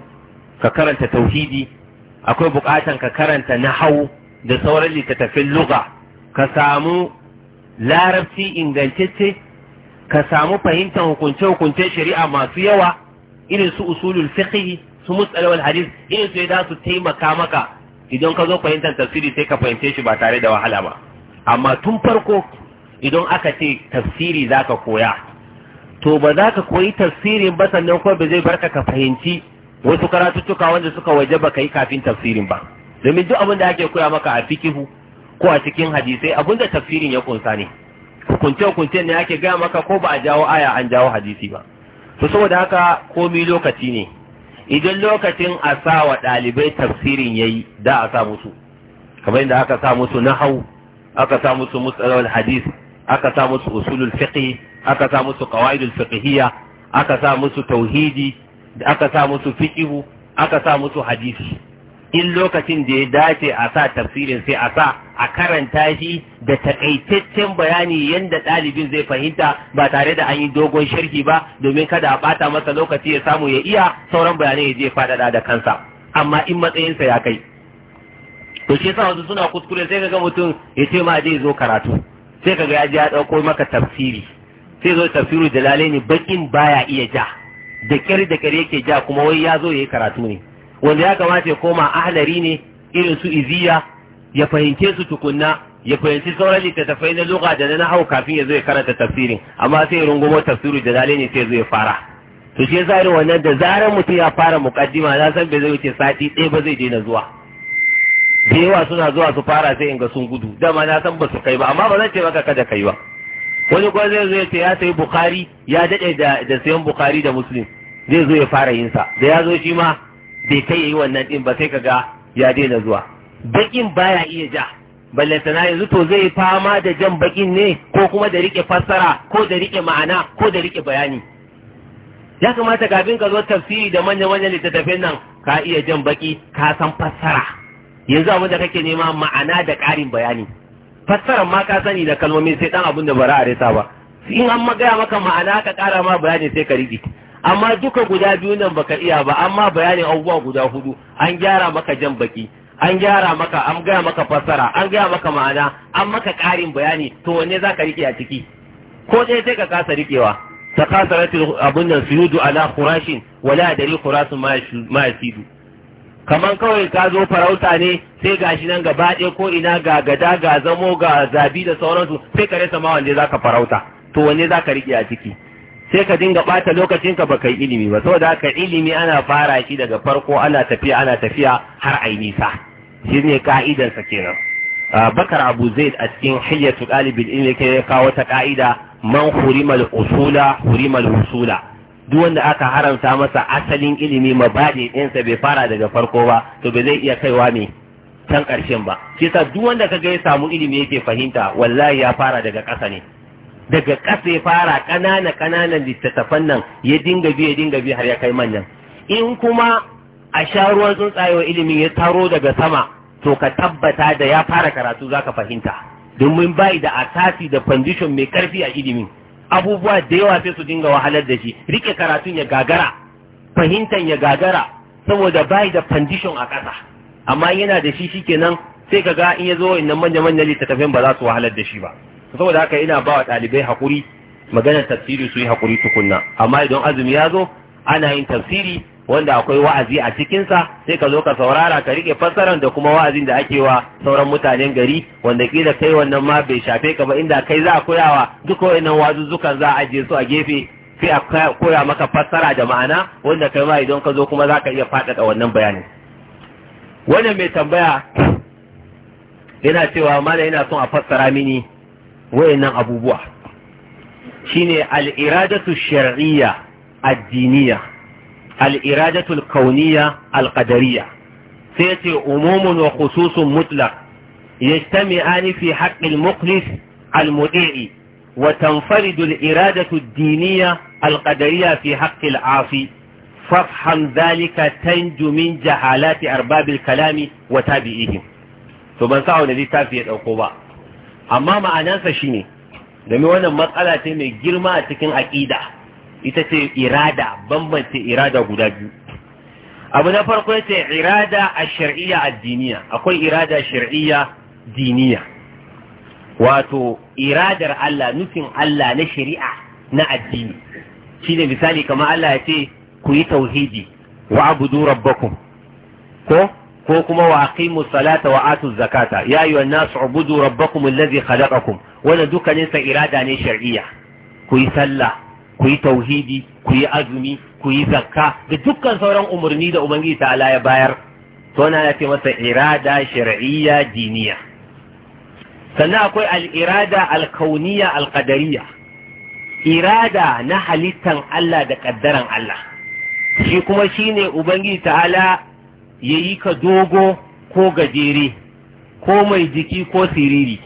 S2: ka karanta tauhidi akwai bukatan ka karanta nahwu da sauran littattafin lugha ka samu larabci ingantacce ka samu fahimtar hukunce hukunce shari'a masu yawa irin su usulul fiqh su mustalawal hadith irin su da su taimaka maka idan ka zo fahimtar tafsiri sai ka fahimce shi ba tare da wahala ba amma tun farko idan aka ce tafsiri ka koya to ba za ka koyi tafsirin ba sannan kuma ba zai barka ka fahimci wasu karatuttuka wanda suka waje ba ka yi kafin tafsirin ba domin duk abin da ake koya maka a fikihu ko a cikin hadisai abin da tafsirin ya kunsa ne hukunce-hukunce ne ake gaya maka ko ba a jawo aya an jawo hadisi ba to saboda haka komi lokaci ne idan lokacin a sa wa ɗalibai tafsirin ya yi da a sa musu kamar yadda aka sa musu nahau aka sa musu musalawar hadisi aka sa musu usulul fiqh aka sa musu qawaidul fiqhiyya aka sa musu tauhidi aka sa musu fiqhu aka sa musu hadisi in lokacin da ya dace a sa tafsirin sai a sa a karanta shi da takaitaccen bayani yadda ɗalibin zai fahimta ba tare da an yi dogon sharhi ba domin kada a ɓata masa lokaci ya samu ya iya sauran bayanai ya je faɗaɗa da kansa amma in matsayinsa ya kai to shi yasa wasu suna kuskure sai ka ga mutum ya ce ma zai zo karatu sai ka ga ya ji ya ɗauko maka tafsiri sai zo tafsiru jalale ne bakin baya iya ja da kyar da kyar yake ja kuma wai ya zo ya yi karatu ne wanda ya kamata ya koma ahlari ne irin su iziya ya fahimce su tukunna ya fahimci sauran littattafai na lugha da na nahau kafin ya zo ya karanta tafsirin amma sai rungumo tafsiru jalale ne sai zo ya fara to shi yasa irin wannan da zarar mutum ya fara mukaddima na san bai zai wuce sati ɗaya ba zai daina zuwa da yawa suna zuwa su fara sai in ga sun gudu dama na san ba su kai ba amma ba zan ce maka kada kai ba wani kuma zai zo ya ce ya sayi bukari ya daɗe da sayan bukari da muslim zai zo ya fara yin sa da ya zo shi ma bai kai yayi wannan din ba sai kaga ya daina zuwa bakin baya iya ja sana yanzu to zai fama da jan bakin ne ko kuma da rike fassara ko da rike ma'ana ko da rike bayani ya kamata kafin ka zo tafsiri da manya-manyan littattafin nan ka iya jan baki ka san fassara yanzu abin da kake nema ma'ana da ƙarin bayani fassarar ma ka sani da kalmomi sai dan abin da bara a resa ba in an magaya maka ma'ana ka ƙara ma bayani sai ka riƙe amma duka guda biyu nan baka iya ba amma bayanin abubuwa guda hudu an gyara maka jan baki an gyara maka an gaya maka fassara an gaya maka ma'ana an maka ƙarin bayani to wanne za ka riƙe a ciki ko ɗaya sai ka kasa riƙewa ta kasa abin nan suyudu ala kurashin wala dari kurasun ma yasidu kamar kawai ka zo farauta ne sai gashi nan gaba ɗaya ko ina ga gada ga zamo ga zabi da sauransu sai ka rasa ma wanda zaka farauta to wanne za ka riƙe a ciki sai ka dinga ɓata lokacin ka baka yi ilimi ba saboda haka ilimi ana fara shi daga farko ana tafiya ana tafiya har ai nisa shi ne ka'idan sa kenan ah, bakar abu zaid a cikin hayyatu ɗalibin ilmi ke kawo ta ka'ida man hurimal usula hurimal usula duk wanda aka haramta masa asalin ilimi mabadi ɗinsa bai fara daga farko ba to bai zai iya kaiwa mai can ƙarshen ba shi yasa duk wanda ka ga ya samu ilimi yake fahimta wallahi ya fara daga ƙasa ne daga ƙasa ya fara ƙanana ƙananan littattafan nan ya dinga bi ya dinga bi har ya kai manyan in kuma a sha ruwan tsuntsayewa ilimin ya taro daga sama to ka tabbata da ya fara karatu zaka fahimta domin bai da asasi da fandishon mai karfi a ilimin abubuwa da yawa sai su dinga wahalar da shi rike karatun ya gagara fahimtan ya gagara saboda bai da fandishon a ƙasa amma yana da shi shi shikenan sai ka ga in ya zo innan manya manyan littattafan ba za su wahalar da shi ba saboda haka ina ba wa ɗalibai hakuri maganar tafsiri su yi haƙuri tukunna amma idan azumi ya zo ana yin tafsiri wanda akwai wa'azi a cikinsa sai ka zo ka saurara ka rike fassaran da kuma wa'azin da ake wa sauran mutanen gari wanda kila kai wannan ma bai shafe ka ba inda kai za a koyawa duk wayannan wazuzzukan za a ajiye su a gefe sai a koya maka fassara da ma'ana wanda kai ma idan ka zo kuma za ka iya faɗaɗa wannan bayanin wannan mai tambaya yana cewa mana yana son a fassara mini wayannan abubuwa shine al-iradatu shar'iyya addiniya al-iradatul kauniyya al sai ce umumun wa khususun mutlaq yajtami'ani fi haqqil muqlis al-mudi'i wa tanfaridu al-iradatu ad-diniyya fi haqqil 'afi fafham dhalika tanju min jahalati arbabil kalami wa tabi'ihim to ban sa wani littafi ya ɗauko ba amma ma'anarsa shine domin wannan matsala ce mai girma a cikin aƙida. ita ce irada bambance irada guda biyu abu na farko ya ce irada a shari'a addiniya akwai irada shari'a diniya wato iradar Allah nufin Allah na shari'a na addini shi ne misali kamar Allah ya ce ku yi tauhidi
S1: wa abudu rabbakum
S2: ko ko kuma wa aqimu salata wa atu zakata ya ayyuha nasu ubudu rabbakum allazi khalaqakum wannan dukkanin sa irada ne shar'iyya ku yi sallah ku yi tauhidi ku yi azumi ku yi zakka da dukkan sauran umarni da ubangiji ta ala ya bayar to na ce masa irada shar'iyya diniya sannan akwai al'irada, alkauniya alkadariya irada na halittan Allah da ƙaddaran Allah shi kuma shi ne ubangiji ta'ala yi ka dogo ko gajere ko mai jiki ko siriri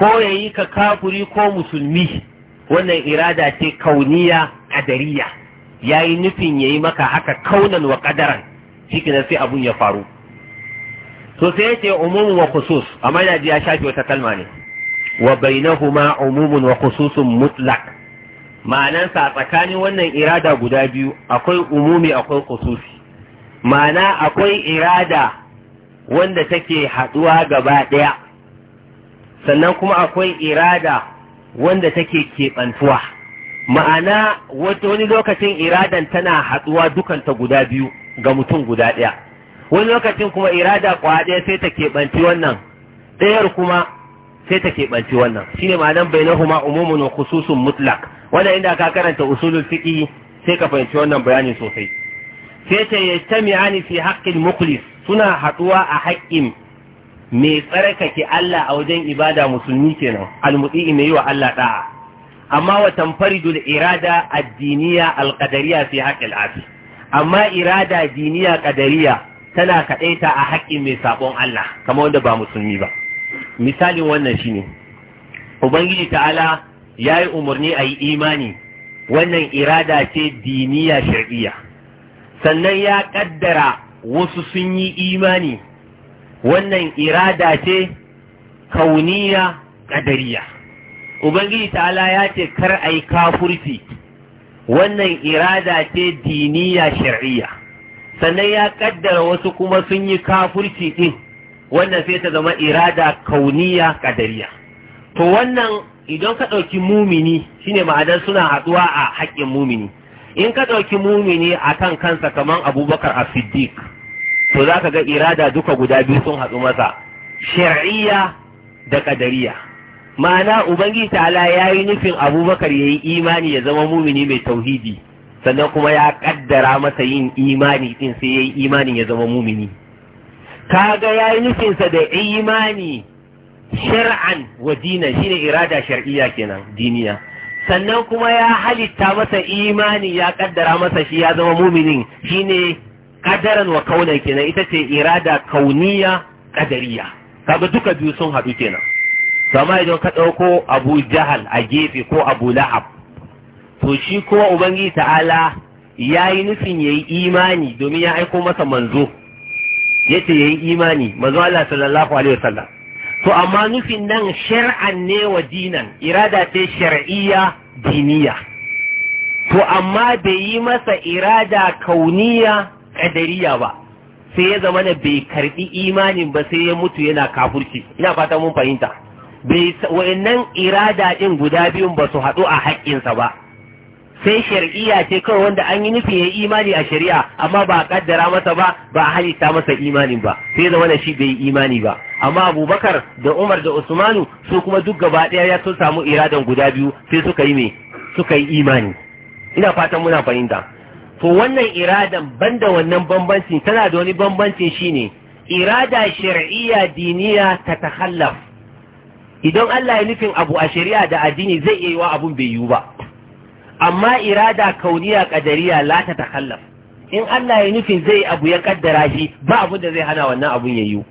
S2: ko ya yi ka kafuri ko musulmi wannan irada ce kauniya kadariya yi nufin ya yi maka haka kaunan wa shi kina sai abun ya faru to sai yace umumun wa khusus amma yana ji ya shafi wata kalma ne wa bainahuma umumun wa khususun Mutlak. ma'anan sa tsakanin wannan irada guda biyu akwai umumi akwai khususi ma'ana akwai irada wanda take haduwa gaba daya sannan kuma akwai irada wanda take keɓantuwa ma'ana wani lokacin iradan tana haɗuwa dukanta guda biyu ga mutum guda ɗaya wani lokacin kuma irada kwa ɗaya sai ta keɓanci wannan ɗayar kuma sai ta keɓanci wannan shine ma'anan bainahuma umumun wa khususun mutlak wannan inda ka karanta usulul fiqh sai ka fahimci wannan bayanin sosai sai ta yajtami'ani fi haƙƙin mukhlis suna haɗuwa a haƙƙin me tsarkake Allah a wajen ibada musulmi kenan ne yi wa Allah da'a amma wa tanfaridul irada addiniya alqadariya fi haqqil abd amma irada diniya qadariya tana kaɗaita a haƙƙin mai sabon Allah kamar wanda ba musulmi ba misalin wannan shine ubangiji ta'ala yayi umarni ayi imani wannan irada ce diniya shar'iyya sannan ya ƙaddara wasu sun yi imani wannan irada ce kauniya ƙadariya ubangiji ta'ala ya ce kar a kafurci wannan irada ce diniya shar'iyya sannan ya ƙaddara wasu kuma sun yi kafurci ɗin wannan sai ta zama irada kauniya ƙadariya to wannan idan ka ɗauki mumini shine ma'adan suna haɗuwa a haƙƙin mumini in ka ɗauki mumini a kan kansa kamar abubakar a siddiq to za ka ga irada duka guda biyu sun haɗu masa shar'iyya da ƙadariya ma'ana ubangiji ta'ala ya yi nufin abubakar ya yi imani ya zama mumini mai tauhidi sannan kuma ya ƙaddara masa yin imani ɗin sai ya yi imanin ya zama mumini kaga ya yi nufinsa da imani
S3: shar'an
S2: wa dinan shine irada shar'iyya kenan diniya sannan kuma ya halitta masa imani ya ƙaddara masa shi ya zama muminin shine ƙadaran wa kaunan kenan ita ce irada kauniya kadariya kaga duka biyu sun haɗu kenan to amma idan ka ɗauko abu jahal a gefe ko abu la'ab to shi kuma ubangiji ta'ala ya yi nufin ya yi imani domin ya aiko masa manzo ya ce ya yi imani manzo Allah sallallahu alaihi wasallam to amma nufin nan shar'an ne wa dinan irada ce shar'iyya diniya to amma bai yi masa irada kauniya kadariya ba sai ya zama bai karbi imanin ba sai ya mutu yana kafurci ina fata mun fahimta bai wayannan irada ɗin guda biyun ba su haɗu a haƙƙinsa ba sai shari'a ce kawai wanda an yi nufin ya imani a shari'a amma ba a kaddara masa ba ba a halitta masa imanin ba sai zama na shi bai imani ba amma abubakar da umar da usmanu su kuma duk gaba ɗaya ya sun samu iradan guda biyu sai suka yi me suka yi imani ina fatan muna fahimta to wannan iradan banda wannan bambanci tana da wani bambanci shine irada shar'iyya diniya ta takhallaf idan Allah ya nufin abu a shari'a da addini zai iya wa abun bai yiwu ba amma irada kauniya kadariya la ta takhallaf in Allah ya nufin zai abu ya kaddara shi ba abu da zai hana wannan abun ya yiwu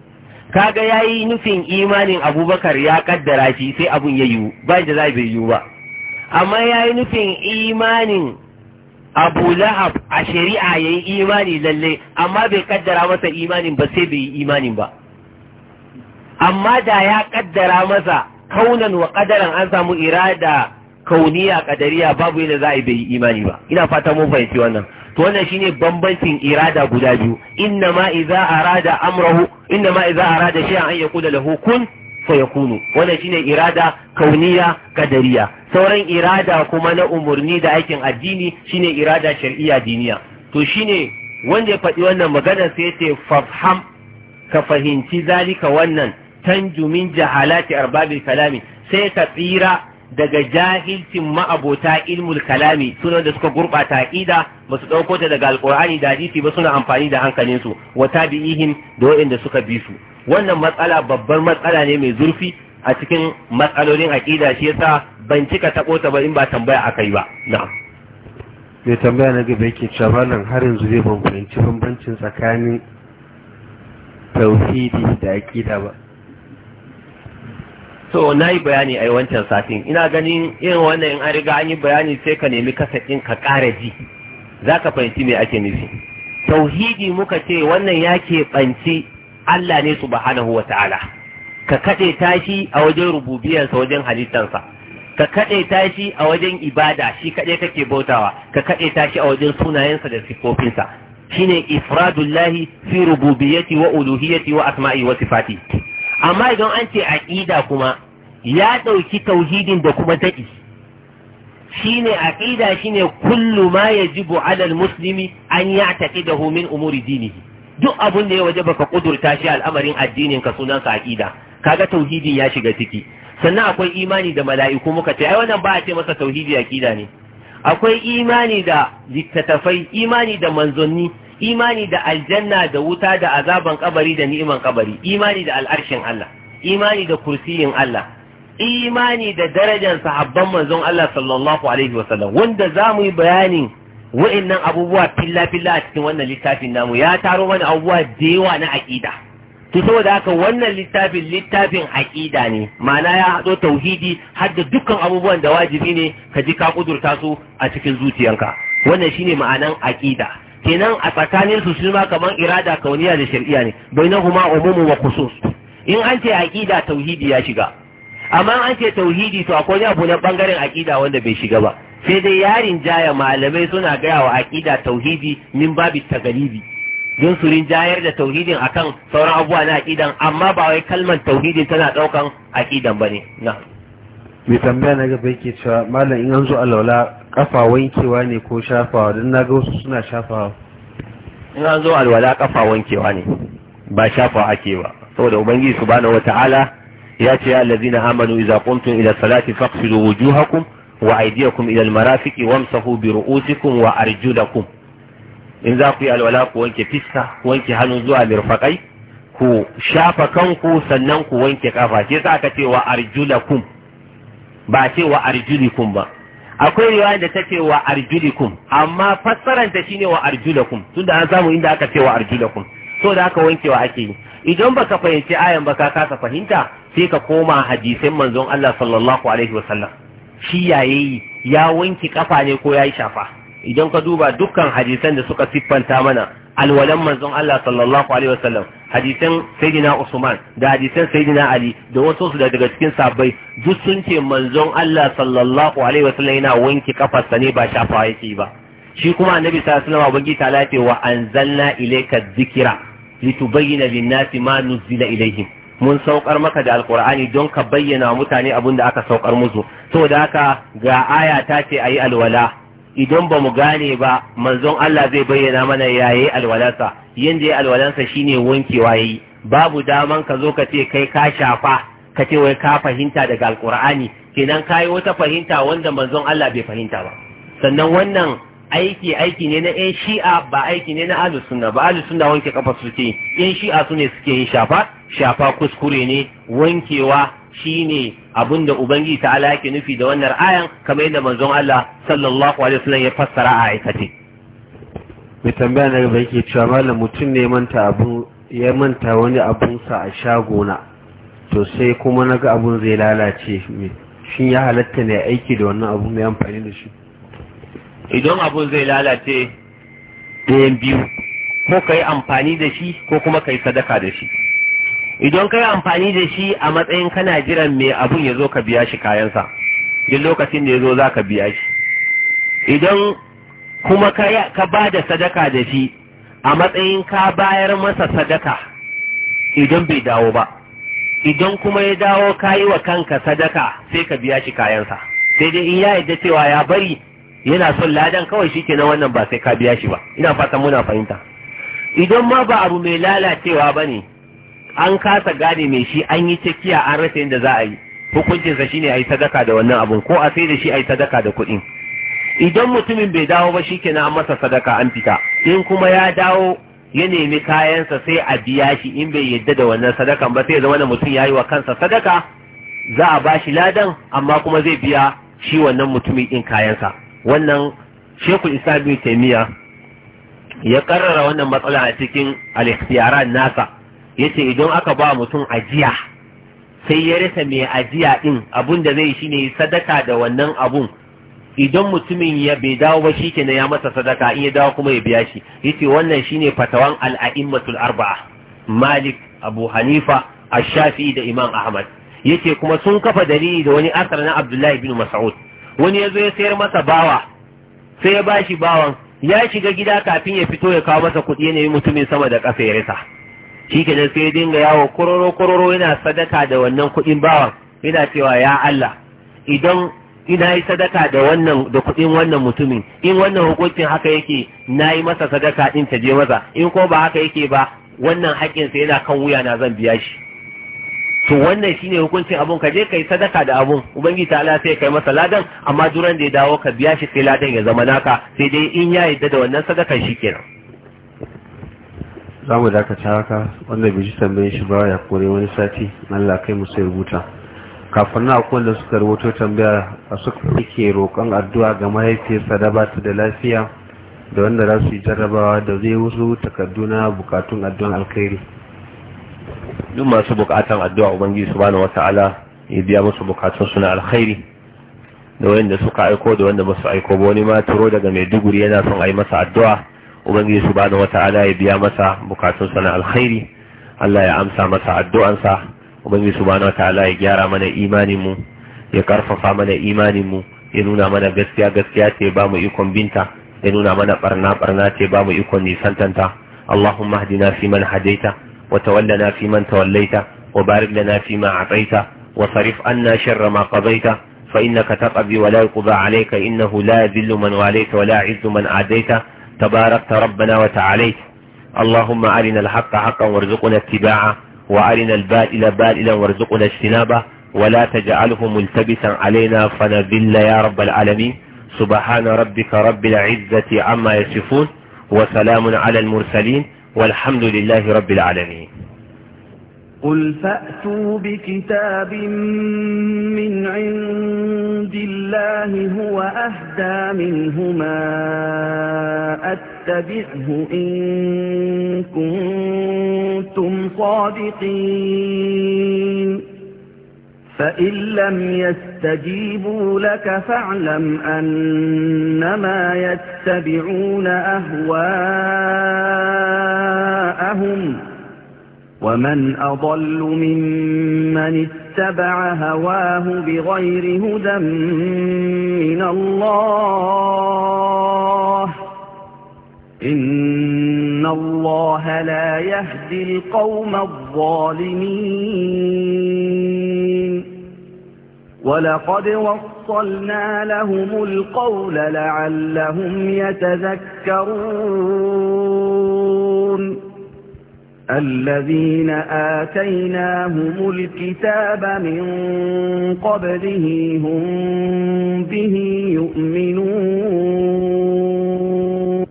S2: kaga yayi nufin imanin Abubakar ya kaddara shi sai abun ya yiwu ba da zai bai yiwu ba amma yayi nufin imanin abu lahab a shari'a ya yi imani lalle amma bai kaddara masa imanin ba sai bai yi imanin ba amma da ya kaddara masa kaunan wa kadaran an samu irada kauniya kadariya babu yadda za a yi bai yi imani ba ina fata mun fahimci wannan to wannan shine bambancin irada guda biyu inna ma idza arada amrahu inna ma idza arada shay'an an yaqula lahu kun fayakunu wannan shine irada kauniya kadariya sauran irada kuma na umurni da aikin addini shine irada shar'iyya diniya to shine wanda ya faɗi wannan magana sai ce fafham ka fahimci zalika wannan tanjumin jahalati arbabil kalami sai ka tsira daga jahilcin ma'abota ilmul kalami sunan da suka gurɓata aqida ba su ɗauko ta daga alƙur'ani da hadisi ba suna amfani da hankalinsu wa tabi'ihim da waɗanda suka bi su wannan matsala babbar matsala ne mai zurfi a cikin matsalolin aqida shi yasa ban cika taɓo ta ba in ba tambaya akai ba na'am
S1: mai tambaya na gaba yake cewa nan har yanzu zai bambanci bambancin tsakanin tauhidi da aqida ba
S2: so na yi bayani a wancan satin ina ganin irin wannan in an riga an yi bayani sai ka nemi kasafin ka ƙara ji za ka fahimci me ake nufi tauhidi muka ce wannan ya keɓanci Allah ne subhanahu wa ta'ala ka kaɗe tashi a wajen rububiyarsa wajen halittarsa ka kaɗe tashi a wajen ibada shi kaɗe kake bautawa ka kaɗe tashi a wajen sunayensa da sifofinsa shine ifradullahi fi rububiyati wa uluhiyati wa asma'i wa sifati amma idan an ce aqida kuma ya ɗauki tauhidin da kuma daɗi shine shi ne kullu ma ya ji alal musulmi an da homin umuri dinihi duk abun da ya waje baka kudurta shi al'amarin addinin ka sunan sa kaga tauhidin ya shiga ciki sannan akwai imani da mala'iku muka ce ai wannan ba a ce masa tauhidi ƙida ne akwai imani da littattafai imani da manzanni imani da aljanna da wuta da azaban kabari da ni'iman kabari imani da al'arshin Allah imani da kursiyin Allah imani da darajar sahabban manzon Allah sallallahu alaihi wasallam wanda za mu yi bayanin wa'annan abubuwa filla-filla a cikin wannan littafin namu ya taro mana abubuwa da yawa na aƙida to saboda haka wannan littafin littafin aƙida ne ma'ana ya haɗo tauhidi har da dukkan abubuwan da wajibi ne ka ji ka kudurta su a cikin zuciyanka wannan shine ma'anan aƙida kenan a tsakanin su shi ma kamar irada kauniya da shari'a ne bainahuma umumu wa khusus in an ce aƙida tauhidi ya shiga amma an ce tauhidi to akwai abu na bangaren aqida wanda bai shiga ba sai dai yarin jaya malamai suna gaya wa aqida tauhidi min babi tagalibi don su rinjayar da tauhidin akan sauran abubuwa na aqidan amma ba wai kalmar tauhidin tana daukan aqidan bane na
S1: mai tambaya na gaba yake cewa malam in an zo alwala kafa wankewa ne ko shafawa don na ga wasu suna shafawa
S2: in an zo alwala kafa wankewa ne ba shafawa ake ba saboda ubangiji subhanahu wataala ya ce ya allazina amanu idza qumtum ila salati faghsilu wujuhakum wa aydiyakum ila almarafiqi wamsahu bi ru'usikum wa arjulakum in za ku yi alwala ku wanke fiska ku wanke hannu zuwa mirfakai ku shafa kanku sannan ku wanke kafa Ke sa aka ce wa arjulakum ba ce wa arjulikum ba akwai riwaya da take wa arjulikum amma fassaran ta shine wa arjulakum tunda an samu inda aka ce wa arjulakum so da aka wankewa ake yi idan baka fahimci ayan ba ka kasa fahimta sai ka koma hadisan manzon Allah sallallahu alaihi wasallam shi yayi ya wanki kafa ne ko ya yi shafa idan ka duba dukkan hadisan da suka siffanta mana alwalan manzon Allah sallallahu alaihi wasallam hadisan sayyidina Usman da hadisan sayyidina Ali da wasu su daga cikin sabbai duk sun ce manzon Allah sallallahu alaihi wasallam yana wanki kafarsa ne ba shafa yake ba shi kuma annabi sallallahu alaihi wasallam ubangi ta lafe wa anzalna ilayka dhikra litubayyana lin-nasi ma nuzila ilayhim mun saukar maka da alkur'ani don ka bayyana mutane abin da aka saukar musu da haka ga aya ta ce ayi alwala idan ba mu gane ba manzon Allah zai bayyana mana yayi alwalansa yanda yayi alwalansa shine wankewa yayi babu daman ka zo ka ce kai ka shafa ka ce wai ka fahimta daga alkur'ani kenan kayi wata fahimta wanda manzon Allah bai fahimta ba sannan wannan aiki aiki ne na yan shi'a ba aiki ne na ahlus sunna ba ahlus sunna wanke kafa suke yan shi'a su ne suke yin shafa shafa kuskure ne wankewa shine abin da ubangiji ta ala yake nufi da wannan ayan kamar yadda manzon Allah sallallahu alaihi wasallam ya fassara a aikace
S1: mai tambaya na gaba yake cewa malam mutum ne manta abu ya manta wani abun sa a shagona to sai kuma na ga abun zai lalace shin ya halatta ne aiki da wannan abun mai amfani da shi
S2: idan abun zai lalace ɗayan biyu ko ka yi amfani da shi ko kuma ka yi sadaka da shi idan kai amfani da shi a matsayin kana jiran mai abun ya zo ka biya shi kayansa duk lokacin da ya zo za ka biya shi idan kuma ka ba da sadaka da shi a matsayin ka bayar masa sadaka idan bai dawo ba idan kuma ya dawo ka yi wa kanka sadaka sai ka biya shi kayansa sai dai in ya yadda cewa ya bari yana son ladan kawai shi kenan wannan ba sai ka biya shi ba ina fata muna fahimta idan ma ba abu mai lalacewa ba ne an kasa gane mai shi an yi tsakiya an rasa yadda za a yi hukuncinsa shi ne a yi sadaka da wannan abun ko a sai da shi a yi sadaka da kuɗi idan mutumin bai dawo ba shi kenan an masa sadaka an fita in kuma ya dawo ya nemi kayansa sai a biya shi in bai yadda da wannan sadakan ba sai zama mutum ya yi wa kansa sadaka za a bashi ladan amma kuma zai biya shi wannan mutumin in kayansa wannan shekul islam taimiya ya karrara wannan matsala a cikin al nasa yace idan aka ba mutum ajiya sai ya rasa mai ajiya din abun da zai shine sadaka da wannan abun idan mutumin ya bai dawo ba shi kenan ya masa sadaka in ya dawo kuma ya biya shi yace wannan shine fatawan al arba'a Malik Abu Hanifa Ashafi da Imam Ahmad yace kuma sun kafa dalili da wani asar na Abdullahi bin Mas'ud wani ya zo ya sayar masa bawa sai ya bashi bawan ya shiga gida kafin ya fito ya kawo masa kuɗi ne mutumin sama da ƙasa ya rasa shi kenan sai ya dinga yawo kororo kororo yana sadaka da wannan kuɗin bawan yana cewa ya Allah idan ina yi sadaka da wannan da kuɗin wannan mutumin in wannan hukuncin haka yake na yi masa sadaka din ta je masa in ko ba haka yake ba wannan sa yana kan wuya na zan biya shi to wannan shine hukuncin abun ka je kai sadaka da abun ubangiji ta Allah sai kai masa ladan amma duran da ya dawo ka biya shi sai ladan ya zama naka sai dai in ya yarda da wannan sadakan shikenan
S1: za mu dakata haka wanda bai ji tambayin shi ba ya kore wani sati Allah kai mu rubuta kafin na akwai da suka rubuto tambaya a suka roƙon addu'a ga mahaifiyarsa da ba ta da lafiya da wanda za su yi jarrabawa da zai wasu takarduna, bukatun addu'an alkhairi duk masu bukatan addu'a ubangiji su bani wata'ala ya biya musu bukatun suna
S2: alkhairi da wanda suka aiko da wanda ba su aiko ba wani ma turo daga maiduguri yana son a yi masa addu'a ubangiji subhanahu wata'ala ya biya masa bukatunsa na alkhairi Allah ya amsa masa addu'ansa ubangiji subhanahu wata'ala ya gyara mana imaninmu. ya karfafa mana imaninmu. mu ya nuna mana gaskiya gaskiya ce ba mu ikon binta ya nuna mana barna barna ce ba mu ikon nisantanta Allahumma na fi man hadaita wa na fi man tawallaita wa barik na fi ma aƙaita. wa sarif anna sharra ma qadaita fa innaka taqdi wa la yuqda alayka innahu la yadhillu man walayta wa la yu'izzu man adaita تباركت ربنا وتعاليت اللهم أرنا الحق حقا وارزقنا اتباعه وأرنا الباطل بائلا وارزقنا اجتنابه ولا تجعله ملتبسا علينا فنذل يا رب العالمين سبحان ربك رب العزة عما يصفون وسلام على المرسلين والحمد لله رب العالمين
S3: قل فأتوا بكتاب من عند الله هو أهدى منهما أتبعه إن كنتم صادقين فإن لم يستجيبوا لك فاعلم أنما يتبعون أهواءهم ومن أضل ممن اتبع هواه بغير هدى من الله إن الله لا يهدي القوم الظالمين ولقد وصلنا لهم القول لعلهم يتذكرون الذين آتيناهم الكتاب من قبله هم به يؤمنون